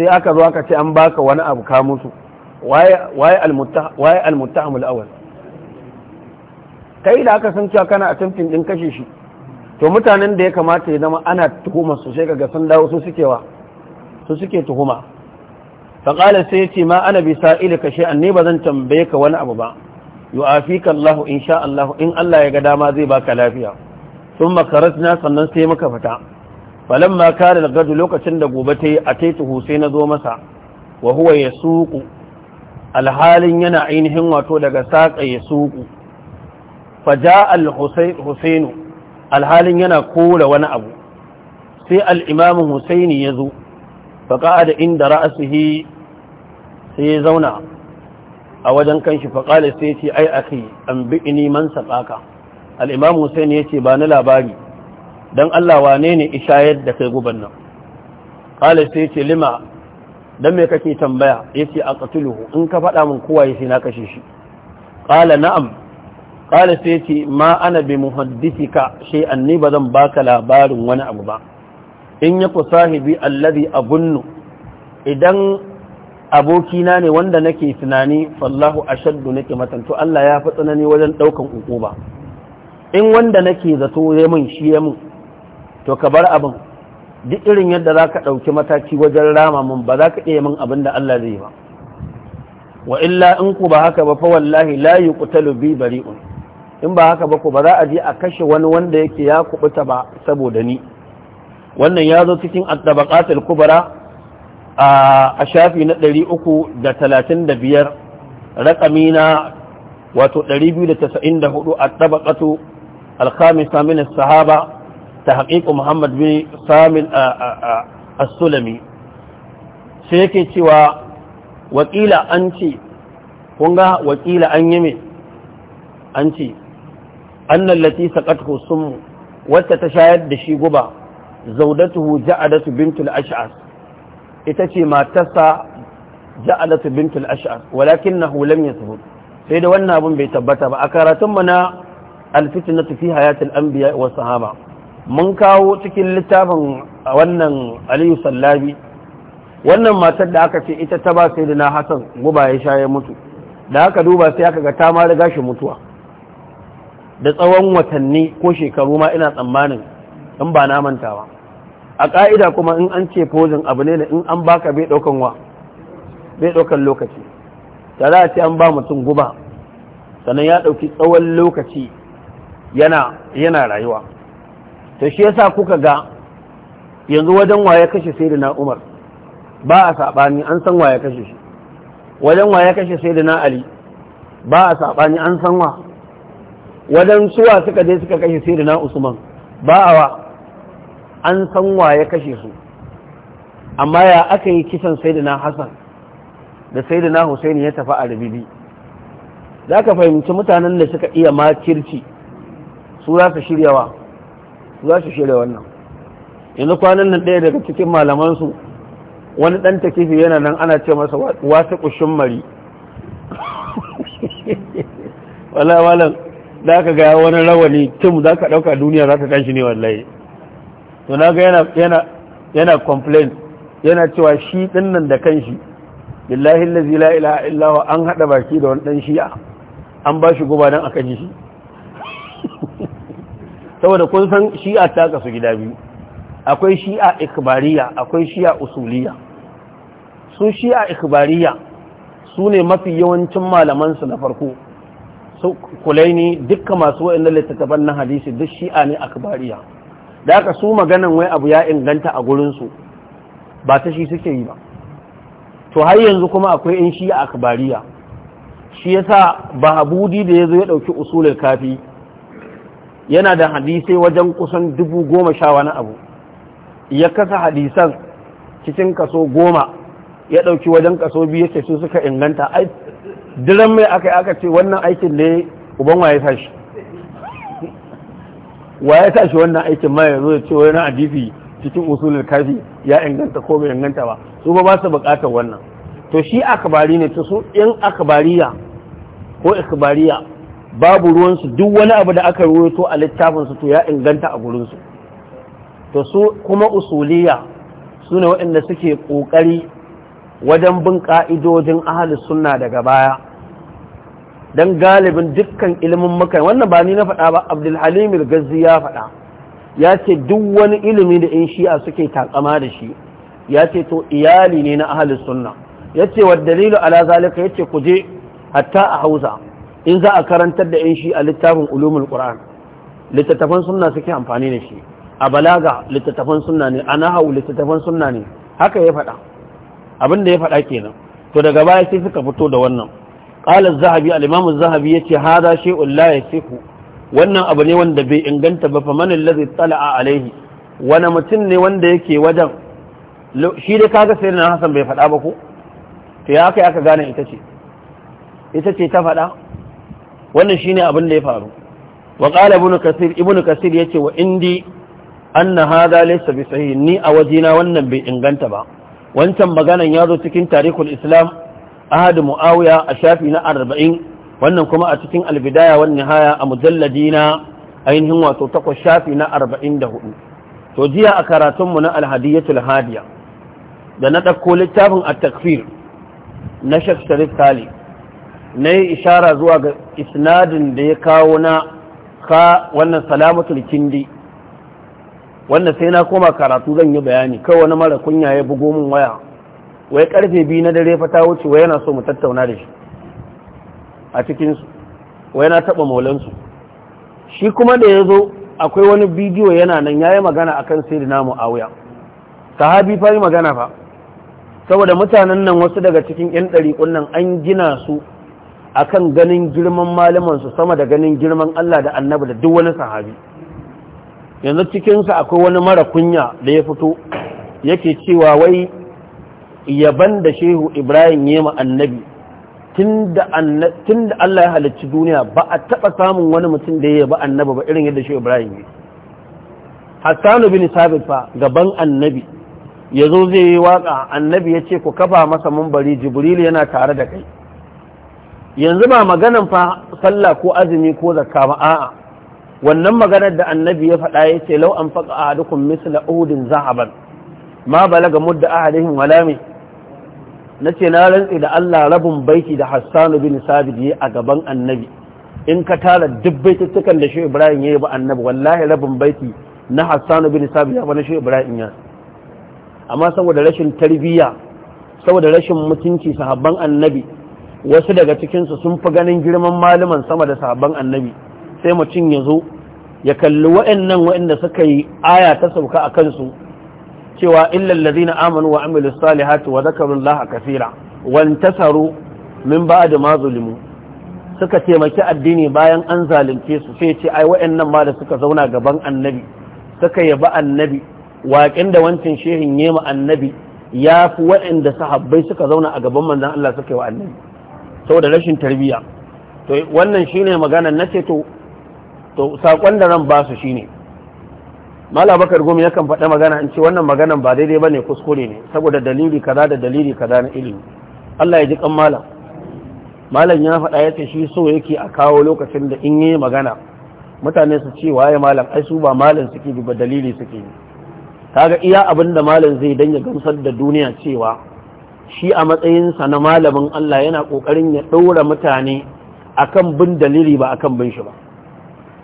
sai aka zo aka ce an baka wani abu ka musu waye almuttahamul awal kai da aka san cewa kana a tamfin din kashe shi to mutanen da ya kamata ya zama ana tuhuma su sai kaga sun dawo su suke wa su suke tuhuma fa qala sai yace ma ana bi sa'ilika shay'an ne bazan tambaye ka wani abu ba yu'afika Allah insha Allah in Allah ya ga dama zai baka lafiya thumma kharajna sannan sai muka fita kare da gadu lokacin da gobe ta yi a taituhu sai na zo masa wa huwa ya suku alhalin yana ainihin wato daga saƙa ya suku faja al-husainu alhalin yana kora wani abu sai al'imamin husaini ya zo faƙa da inda ra'asihi sai ya zauna a wajen kanshi faƙa da sai ce ai ake an bi'ini man saɓaka. al'imamin husaini ya ce ba ni labari don Allah wane ne ishayar da kai guban nan ƙalar sai ce lima don mai kake tambaya ya a ƙatuluhu in ka faɗa min kowa ya na kashe shi ƙala na'am ƙala sai ce ma ana bi ka shi anni ba zan baka labarin wani abu ba in ya ku sahibi alladhi abunnu idan abokina ne wanda nake tunani fallahu ashaddu nake matanto Allah ya fi tsanani wajen ɗaukan ukuba in wanda nake zato ya mun shi ya mun to ka bar abin duk irin yadda za ka ɗauki mataki wajen rama mun ba za ka iya min abin da Allah zai ba wa illa in ku ba haka ba fa wallahi la yuqtalu bi bari'un in ba haka ba ku ba za a je a kashe wani wanda yake ya kubuta ba saboda ni wannan ya zo cikin at-tabaqatul kubra a shafi na 335 raqami na wato 294 at-tabaqatu al-khamisa min as-sahaba تحقيق محمد بن سامي السلمي سيكي تيوا وكيل أنتي كونغا وكيل أنيمي أنتي أن التي سقته سم وتتشاهد دشي غبا زودته جعدت بنت الأشعث itace matarsa ja'alatu bintul ash'ar walakinahu lam yathbut sai da wannan abun bai tabbata ba a karatun mana al-fitnatu fi hayatil anbiya wa sahaba mun kawo cikin littafin wannan aliyu sallabi wannan matar da aka ce ita ta ba sai na hassan guba ya sha ya mutu da aka duba sai aka ga ta ma da shi mutuwa da tsawon watanni ko shekaru ma ina tsammanin in ba na mantawa a ka'ida kuma in an ce fozin abu ne da in an baka bai daukan wa bai daukan lokaci da za a ce an ba mutum guba sannan ya ɗauki tsawon lokaci yana rayuwa ta shi yasa kuka ga yanzu wajen waye kashe na Umar ba a saɓani an san waye kashe shi wajen waye kashe na Ali ba a saɓani an san wa wajen suwa suka je suka kashe na Usman ba a wa an san waye kashe su amma ya aka yi kisan Na Hassan da Na Hussein ya tafi a rabibi za ka fahimci mutanen da suka iya makirci su za su shiryawa za su shirya wannan yanzu kwanan nan ɗaya daga cikin malamansu wani ɗan takifi yana nan ana ce masa wasu ƙushin mari (laughs) wala malam za ka ga wani rawani tim za ka ɗauka duniya za ta shi ne wallaye to na ga yana complain yana cewa shi ɗin nan da kanshi billahi lazi la ilaha illahu an haɗa baki da wani ɗan shi'a an ba shi guba don a kan shi (laughs) saboda kun san shi'a ta kasu gida biyu akwai shi'a ikbariya akwai shi'a usuliya su shi'a ikbariya su ne mafi yawancin malamansu na farko su kulaini dukkan masu waɗanda littattafan na hadisi duk shi'a ne akbariya da aka su maganan wai abu ya inganta a gurinsu ba ta shi suke yi ba to har yanzu kuma akwai in shi'a akbariya shi yasa ba habudi da ya zo ya ɗauki usulul kafi yana da hadisai wajen kusan dubu goma sha wani abu ya kasa hadisan cikin kaso goma ya ɗauki wajen kaso biyu yake su suka inganta diran mai aka aka ce wannan aikin ne uban waye sa shi waye sa shi wannan aikin mai yanzu ce wani hadisi cikin usulul kafi ya inganta ko bai inganta ba su ba ba su bukatar wannan to shi akabari ne to su in akabariya ko ikabariya. babu ruwansu duk wani abu da aka ruwaito a littafinsu to ya inganta a gurinsu to su kuma usuliya su ne waɗanda suke ƙoƙari wajen bin ƙa'idojin ahalus sunna daga baya don galibin dukkan ilimin maka wannan ba ni na faɗa ba abdulhalim gazi ya faɗa ya ce duk wani ilimi da in shi'a suke takama da shi ya ce to iyali ne na ahalus sunna ya ce wa dalilu ala zalika ya ce ku je hatta a hausa in za a karantar da yan shi a littafin ulumul qur'an littattafan sunna suke amfani da shi a balaga littattafan sunna ne a nahawu littattafan sunna ne haka ya faɗa abin da ya faɗa kenan to daga baya sai suka fito da wannan qala az-zahabi al-imam az-zahabi yace hada shay'un la yasihu wannan abu ne wanda bai inganta ba fa man allazi tala'a alaihi wani mutum ne wanda yake wajen shi dai kaga sai na hasan bai faɗa ba ko to ya kai aka gane ita ce ita ce ta faɗa wannan shine abin da ya faru wa qala ibn kasir ibnu kasir yace wa indi anna hadha laysa bi sahih ni a wajina wannan bai inganta ba wancan maganan ya zo cikin tarihul islam ahad muawiya a shafi na 40 wannan kuma a cikin albidaya wan nihaya a mujalladina ainihin wato takwas shafi na 44 to jiya a karatunmu na alhadiyatul hadiya da na ɗauko littafin at-takfir na Sheikh Sharif Salih na yi ishara zuwa ga isnadin da ya kawo na ka wannan salamatul kindi Wannan sai na koma karatu zan yi bayani kai wani mara kunya ya bugo min waya wai karfe biyu na dare fata wuce wai yana so mu tattauna da shi a cikinsu wai na taɓa maulansu shi kuma da ya zo akwai wani bidiyo yana nan ya yi magana akan sai a wuya. sahabi fa yi magana fa saboda mutanen nan wasu daga cikin 'yan ɗariƙun nan an gina su akan ganin girman malamansu sama da ganin girman Allah da annabi da duk wani sahabi yanzu cikinsa akwai wani mara kunya da ya fito yake cewa wai yaban da shehu ibrahim yema annabi tun da Allah ya halicci duniya ba a taɓa samun wani mutum da ya yaba annabi ba irin yadda shehu ibrahim yi hassanu bin sabit fa gaban annabi ya zo zai yi waka. annabi ya ce ku kafa masa mambari jibril yana tare da kai yanzu ba maganan fa sallah ko azumi ko zakka ba a'a wannan maganar da annabi ya faɗa ya ce lau an faƙa ahadukum misla uhudin zahaban ma balaga mudda ahadihim wala Na ce na rantsi da Allah rabin baiti da hassanu bin yi a gaban annabi in ka tara duk baitattukan da shi Ibrahim yi ba annabi wallahi rabin baiti na hassanu bin sabid ya na shi Ibrahim ya amma saboda rashin tarbiyya saboda rashin mutunci sahabban annabi wasu daga cikinsu sun fi ganin girman malaman sama da sabon annabi sai mutum ya zo ya kalli waannan waɗanda suka yi aya ta sauka a kansu cewa illal ladina amanu wa amilu salihati wa zakarullaha kaseera wan tasaru min ba'd ma zulimu suka taimaki addini bayan an zalunce su sai ce ai waannan ma da suka zauna gaban annabi suka yabi annabi waƙin da wancan shehin yema annabi ya fi waɗanda sahabbai suka zauna a gaban manzon Allah suka yi wa annabi saboda rashin tarbiyya to wannan shine magana na ce to to sakon da ran su shine mala bakar gumi yakan faɗa magana in ce wannan maganan ba daidai bane kuskure ne saboda dalili kaza da dalili kaza na ilimi Allah ya ji kan malam malam ya faɗa ya ce shi so yake a kawo lokacin da in yi magana mutane su ce waye malam ai su ba malam suke bi ba dalili suke bi kaga iya abin da malam zai dan ya gamsar da duniya cewa shi a matsayinsa na malamin Allah yana ƙoƙarin ya ɗaura mutane akan bin dalili ba akan bin shi ba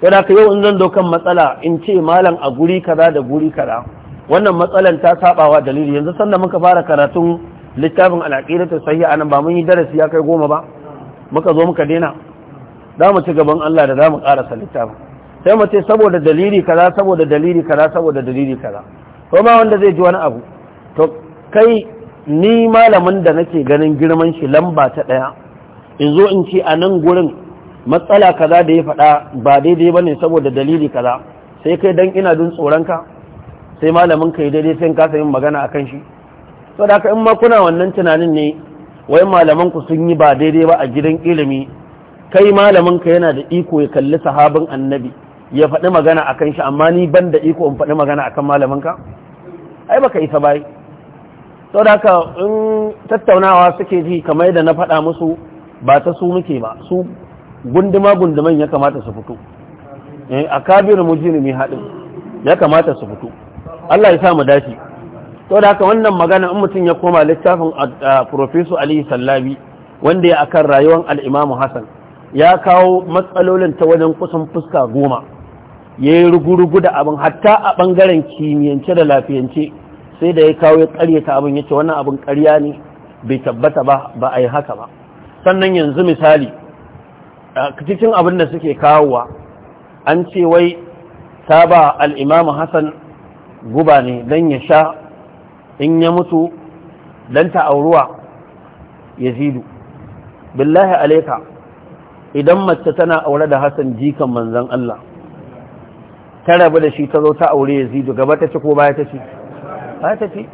yana ka yau in zan dokan matsala in ce malam a guri kaza da guri kaza wannan matsalan ta wa dalili yanzu sanda muka fara karatun littafin sahi sahiha nan. ba mun yi darasi ya kai goma ba muka zo muka daina za mu ci gaban Allah da za mu ƙarasa littafin sai mu ce saboda dalili kaza saboda dalili kaza saboda dalili kaza ko ma wanda zai ji wani abu to kai ni malamin da nake ganin girman shi lamba ta ɗaya in zo in ci a nan gurin matsala kaza da ya faɗa ba daidai ba ne saboda dalili kaza sai kai dan ina jin tsoronka sai malamin ka yi daidai sai ka yin magana a kan shi saboda in ma kuna wannan tunanin ne wai malaman ku sun yi ba daidai ba a gidan ilimi kai malamin ka yana da iko ya kalli sahabin annabi ya faɗi magana akan shi amma ni ban da iko in faɗi magana akan malamin ka ai baka isa bai sau da haka in tattaunawa suke ji kamar yadda na faɗa musu ba ta su muke ba su gunduma gunduman ya kamata su fito eh, a kabirin mujirimi haɗin ya kamata su fito Allah ya samu dace sau da haka wannan magana in mutum ya koma littafin ah, ah, profesu aliyu sallabi wanda ya akan rayuwar al'imamu hassan ya kawo matsalolin ta wajen kusan fuska goma ya yi rugurugu da abin hatta a ɓangaren kimiyyance da lafiyance sai da ya kawo ya karyata abin yace wannan abin karya ne bai tabbata ba ba a yi haka ba sannan yanzu misali cikin abin da suke kawowa an ce wai ta ba al'imamu hassan guba ne don ya sha in ya mutu don ta auruwa ya billahi alaika idan mace tana aure da hassan jikan manzan Allah ta rabu da shi ta zo ta aure Yazidu, gaba ta ci ko baya ta ci ta ce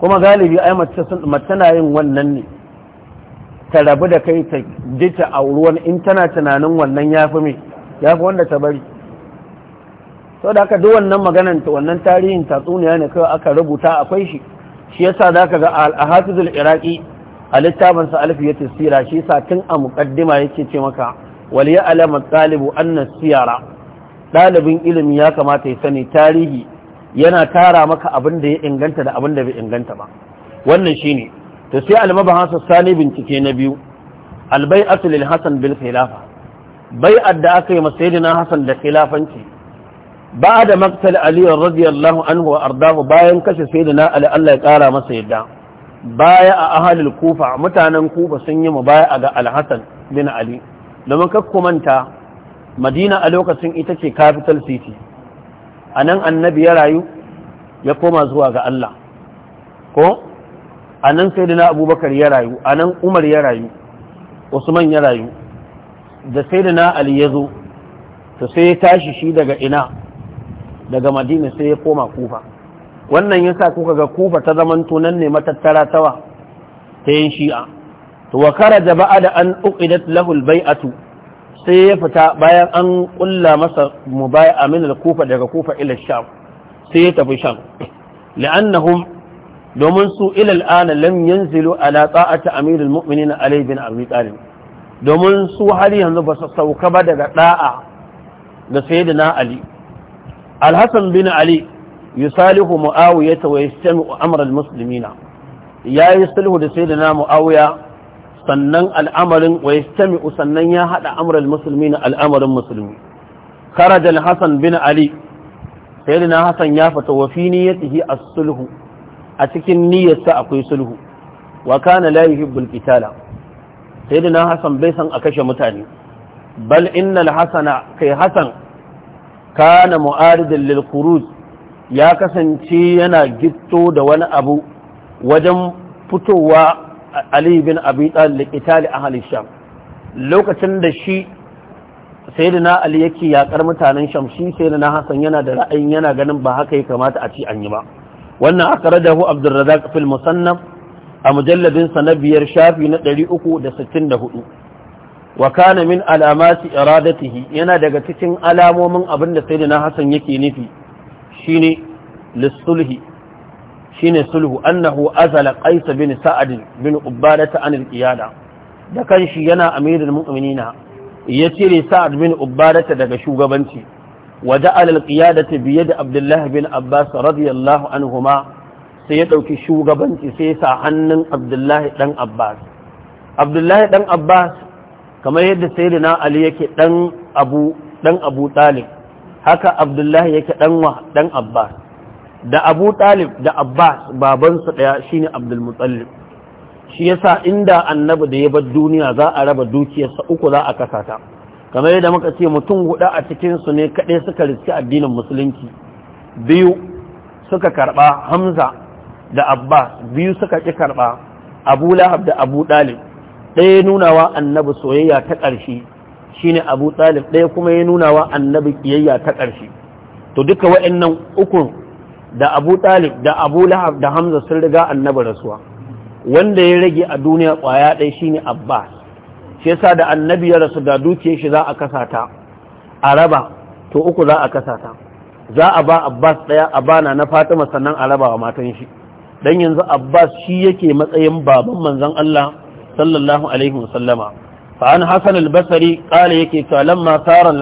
kuma galibi ai mace na yin wannan ne ta rabu da kai ta jita a ruwan in tana tunanin wannan ya fi mai ya fi wanda ta bari sau da aka duk wannan maganan ta wannan tarihin tatsuniya ne kawai aka rubuta akwai shi shi yasa za ka ga a hafizul Iraki a littafinsa ya tasira shi yasa tun a muqaddima yake ce maka wal ya'lamu talibu anna siyara ɗalibin ilimi ya kamata ya sani tarihi yana tara maka abin da ya inganta da abin da bai inganta ba wannan shine to sai almabahasa sani bincike na biyu albai'atu lil hasan bil khilafa bai'ar da aka yi masayidina hasan da khilafanci ba da maktal ali radiyallahu anhu wa ardahu bayan kashe sayyidina ali Allah ya kara masa yadda baya a ahalil kufa mutanen kufa sun yi mubaya ga al-hasan bin ali domin kakkumanta madina a lokacin ita ce capital city a nan annabi ya rayu ya koma zuwa ga Allah ko a nan sai da abubakar ya rayu a nan umar ya rayu usman ya rayu da sai da ali ya zo to sai ya tashi shi daga ina daga madina sai ya koma kufa wannan ya sa kuka ga kufa ta zaman tunan ne matattara tawa ta yin shi'a to wa ba'a da an uqidat lahul baiatu sai ya fita bayan an kulla masa mubaya min al-kufa daga kufa ila sham sai ya tafi sham la'annahum domin su ila al'ana lam yanzilu ala ta'ati amirul mu'minin ali bin abi talib domin su har yanzu ba su sauka ba daga da'a da sayyidina ali al-hasan bin ali yusalihu muawiyata wa yastami'u amra al-muslimina yayi sulhu da sayyidina muawiya sannan al'amarin wa yastami'u sannan ya hada Musulmi na al'amarin musulmi kharaj al bin ali na Hassan ya fita wa fi niyyatihi as-sulhu a cikin niyyarsa akwai sulhu wa kana la yuhibbul qitala na Hassan bai san a kashe mutane bal innal hasana kai hasan kana mu'aridan lil khuruj ya kasance yana gitto da wani abu wajen fitowa Ali bin Abi Talib qitali ahli Sham lokacin da shi sayyidina Ali yake yakar mutanen Sham shi sayyidina Hassan yana da ra'ayin yana ganin ba haka ya kamata a ci an yi ba wannan akradahu Abdul Razzaq fil Musannaf a mujalladin sa na biyar shafi na 364 wa kana min alamati iradatihi yana daga cikin alamomin abin da sayyidina Hassan yake nufi shine lisulhi shine sulhu annahu azala Qaisa bin sa'ad bin ubadata an al-qiyada da kanshi yana amirul mu'minina ya cire sa'ad bin ubadata daga shugabanci wa ja'ala al-qiyadata bi yadi abdullah bin abbas radiyallahu anhuma sai ya dauki shugabanci sai ya sa hannun abdullah dan abbas abdullah dan abbas kamar yadda sayyidina ali yake dan abu dan abu talib haka abdullah yake dan wa dan abbas da abu talib da abbas babansu ɗaya shine abdulmutsalib shi yasa inda annabi da ya bar duniya za a raba dukiyarsa uku za a kasa ta kamar yadda muka ce mutum guda a cikin su ne kaɗai suka riski addinin musulunci biyu suka karɓa hamza da abbas biyu suka ƙi karɓa abu lahab da abu ɗalib ɗaya nunawa annabi soyayya ta ƙarshe shine abu ɗalib ɗaya kuma ya nunawa annabi kiyayya ta ƙarshe to duka wa'annan ukun da abu talib da abu lahab da hamza sun riga annabi rasuwa wanda ya rage a duniya kwaya ɗaya shine abbas shi yasa da annabi ya rasu da dukiyar shi za a kasa ta a raba to uku za a kasa ta za a ba abbas ɗaya a bana na fatima sannan a raba wa matan shi dan yanzu abbas shi yake matsayin baban manzon allah sallallahu alaihi wasallama fa an hasan al-basri qala yake to lamma sara al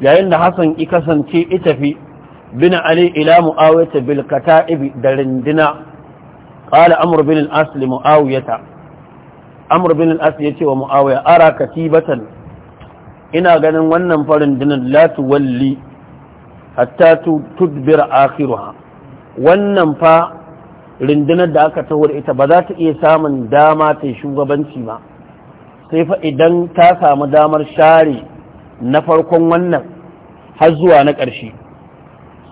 yayin da hasan ki kasance itafi bin ali ila muawiyata bil kata'ib da rindina qala amr bin al-as li muawiyata amr bin al-as yace wa muawiya ara katibatan ina ganin wannan farin dinan la tuwalli hatta tudbir akhiruha wannan fa rindinar da aka taho da ita ba za ta iya samun dama ta shugabanci ba sai fa idan ta samu damar share na farkon wannan har zuwa na ƙarshe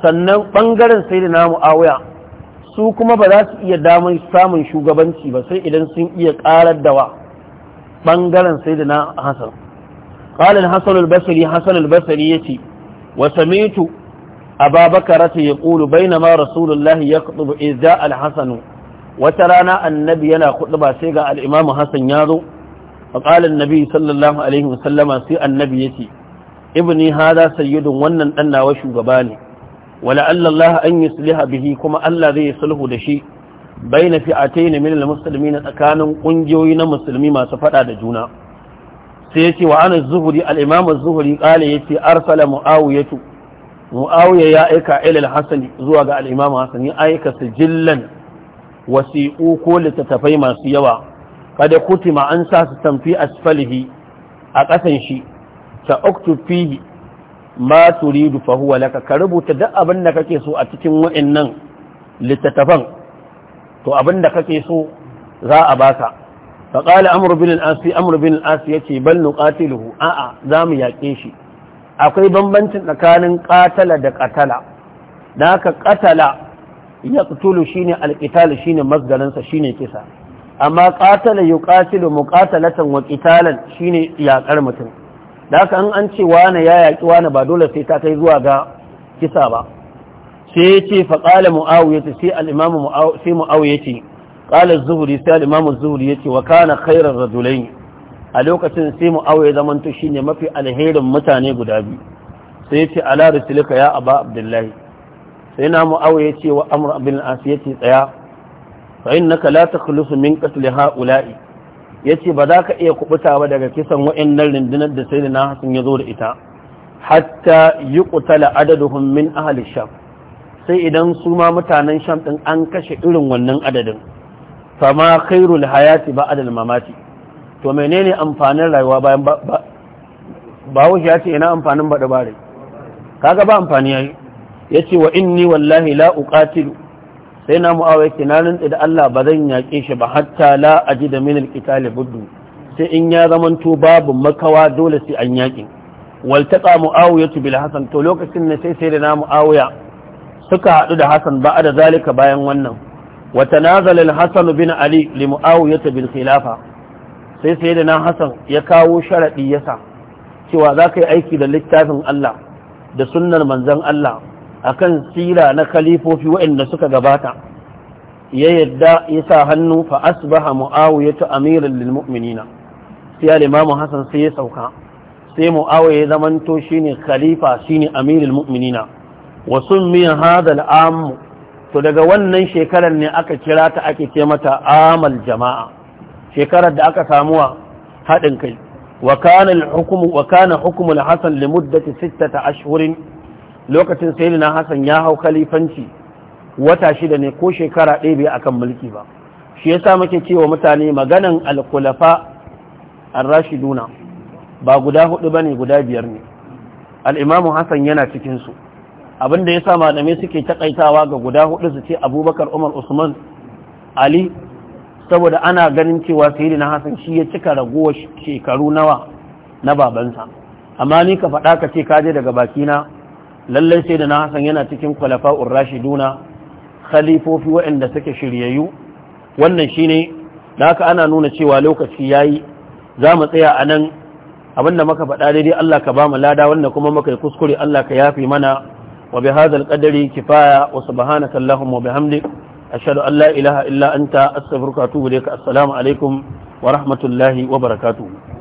sannan ɓangaren sai da namu awuya su kuma ba za su iya damar samun shugabanci ba sai idan sun iya ƙarar da wa ɓangaren sai da na hasan ƙalin hasan albasari hasan albasari ya ce wa samitu ababakar ta ya ƙulu bainama rasulullah ya kuɗu izza alhassanu wata rana annabi yana kuɗi ba sai ga al'imamu hassan ya zo a ƙalin nabi sallallahu alaihi wasallama sai annabi ya ce ibni hada sayyidun wannan ɗan nawa shugaba ne Wani Allah an yusliha bihi kuma Allah zai sulhu da shi baina fi'atayn min musulmi na tsakanin ƙungiyoyi na musulmi masu faɗa da juna sai yace wa ana zuhuri al zuhuri az ya ce arsala muawiyatu muawiya ya aika ilal Hassani zuwa ga al-imam ya aika sijillan wasiƙu ko littattafai masu yawa kada kutima an sa su tamfi asfalihi a ƙasan shi ta oktufihi ma turidu fa huwa laka ka rubuta duk abin da kake so a cikin wa'annan littattafan to abin da kake so za a baka fa qala amru bil amru bil yace bal nuqatiluhu a a za mu yaƙe shi akwai bambancin tsakanin qatala da qatala dan haka qatala qatulu shine al-qital shine masdarin sa shine kisa amma qatala yuqatilu muqatalatan wa qitalan shine yaƙar mutum da haka an an ce wane ya yaƙi wane ba dole sai ta kai zuwa ga kisa ba sai ya ce faƙala mu'awiyya ce sai al'imamu ya ce ƙalar zuhuri sai al'imamu zuhuri ya ce wa kana khairar rajulai a lokacin sai mu'awiyya zaman to shine mafi alherin mutane guda biyu sai ya ce ala rasulika ya aba abdullahi sai na mu'awiyya ce wa amr bin asiyati tsaya fa innaka la takhlusu min qatl ha'ula'i ya ce ba za ka iya kubuta ba daga kisan wa'annan rundunar da sai na sun ya zo da ita hatta yi kutala adadin min ahalin sham sai idan su ma mutanen sham ɗin an kashe irin wannan adadin fama khairul hayati ba adal mamati to menene amfanin rayuwa bayan ba bawo ya ce ina amfanin ba bare kaga ba amfani yayi yace wa inni wallahi la uqatilu sai na mu'awai ke na rantsi da Allah ba zan yaƙe shi ba hatta la da minal qitali buddu sai in ya zamanto babu makawa dole sai an yaƙi wal taqa mu'awiyatu bil hasan to lokacin ne sai sai da na mu'awiya suka haɗu da hasan ba da zalika bayan wannan wa tanazal al hasan bin ali li mu'awiyata bil khilafa sai sai da na hasan ya kawo sharadi yasa cewa za ka yi aiki da littafin Allah da sunnar manzon Allah akan sira na kalifofi waɗanda suka gabata ya yadda ya sa hannu fa asbaha mu'awiyatu amiran lil mu'minina sai al Hassan sai ya sauka sai mu'awiya ya zamanto shine khalifa shine amirul mu'minina wa summiya hadha al-am to daga wannan shekarar ne aka kira ta ake ce mata amal jama'a shekarar da aka samu haɗin kai wa kana al-hukmu wa kana hukmu al-hasan ashhurin lokacin na Hassan ya hau kalifanci wata shida ne ko shekara ɗaya bai akan mulki ba shi ya yasa muke cewa mutane maganan al an rashi rashiduna ba guda hudu ba ne guda biyar ne al hasan Hassan yana cikin su ya sa malamai suke takaitawa ga guda hudu su ce Abubakar Umar Usman Ali saboda ana ganin cewa na Hassan shi ya cika ragowar shekaru nawa na babansa amma ni ka faɗa ka ce ka je daga bakina lallai sai da na hasan yana cikin kwalafa'ur rashiduna khalifofi waɗanda suke shiryayyu wannan shine da haka ana nuna cewa lokaci yayi za mu tsaya a nan abinda muka faɗa daidai Allah ka ba mu lada wannan kuma muka yi kuskure Allah ka yafi mana wa bi hadzal qadari kifaya wa subhanaka allahumma wa bihamdik ashhadu an la ilaha illa anta astaghfiruka wa atubu ilaik assalamu alaikum wa rahmatullahi wa barakatuh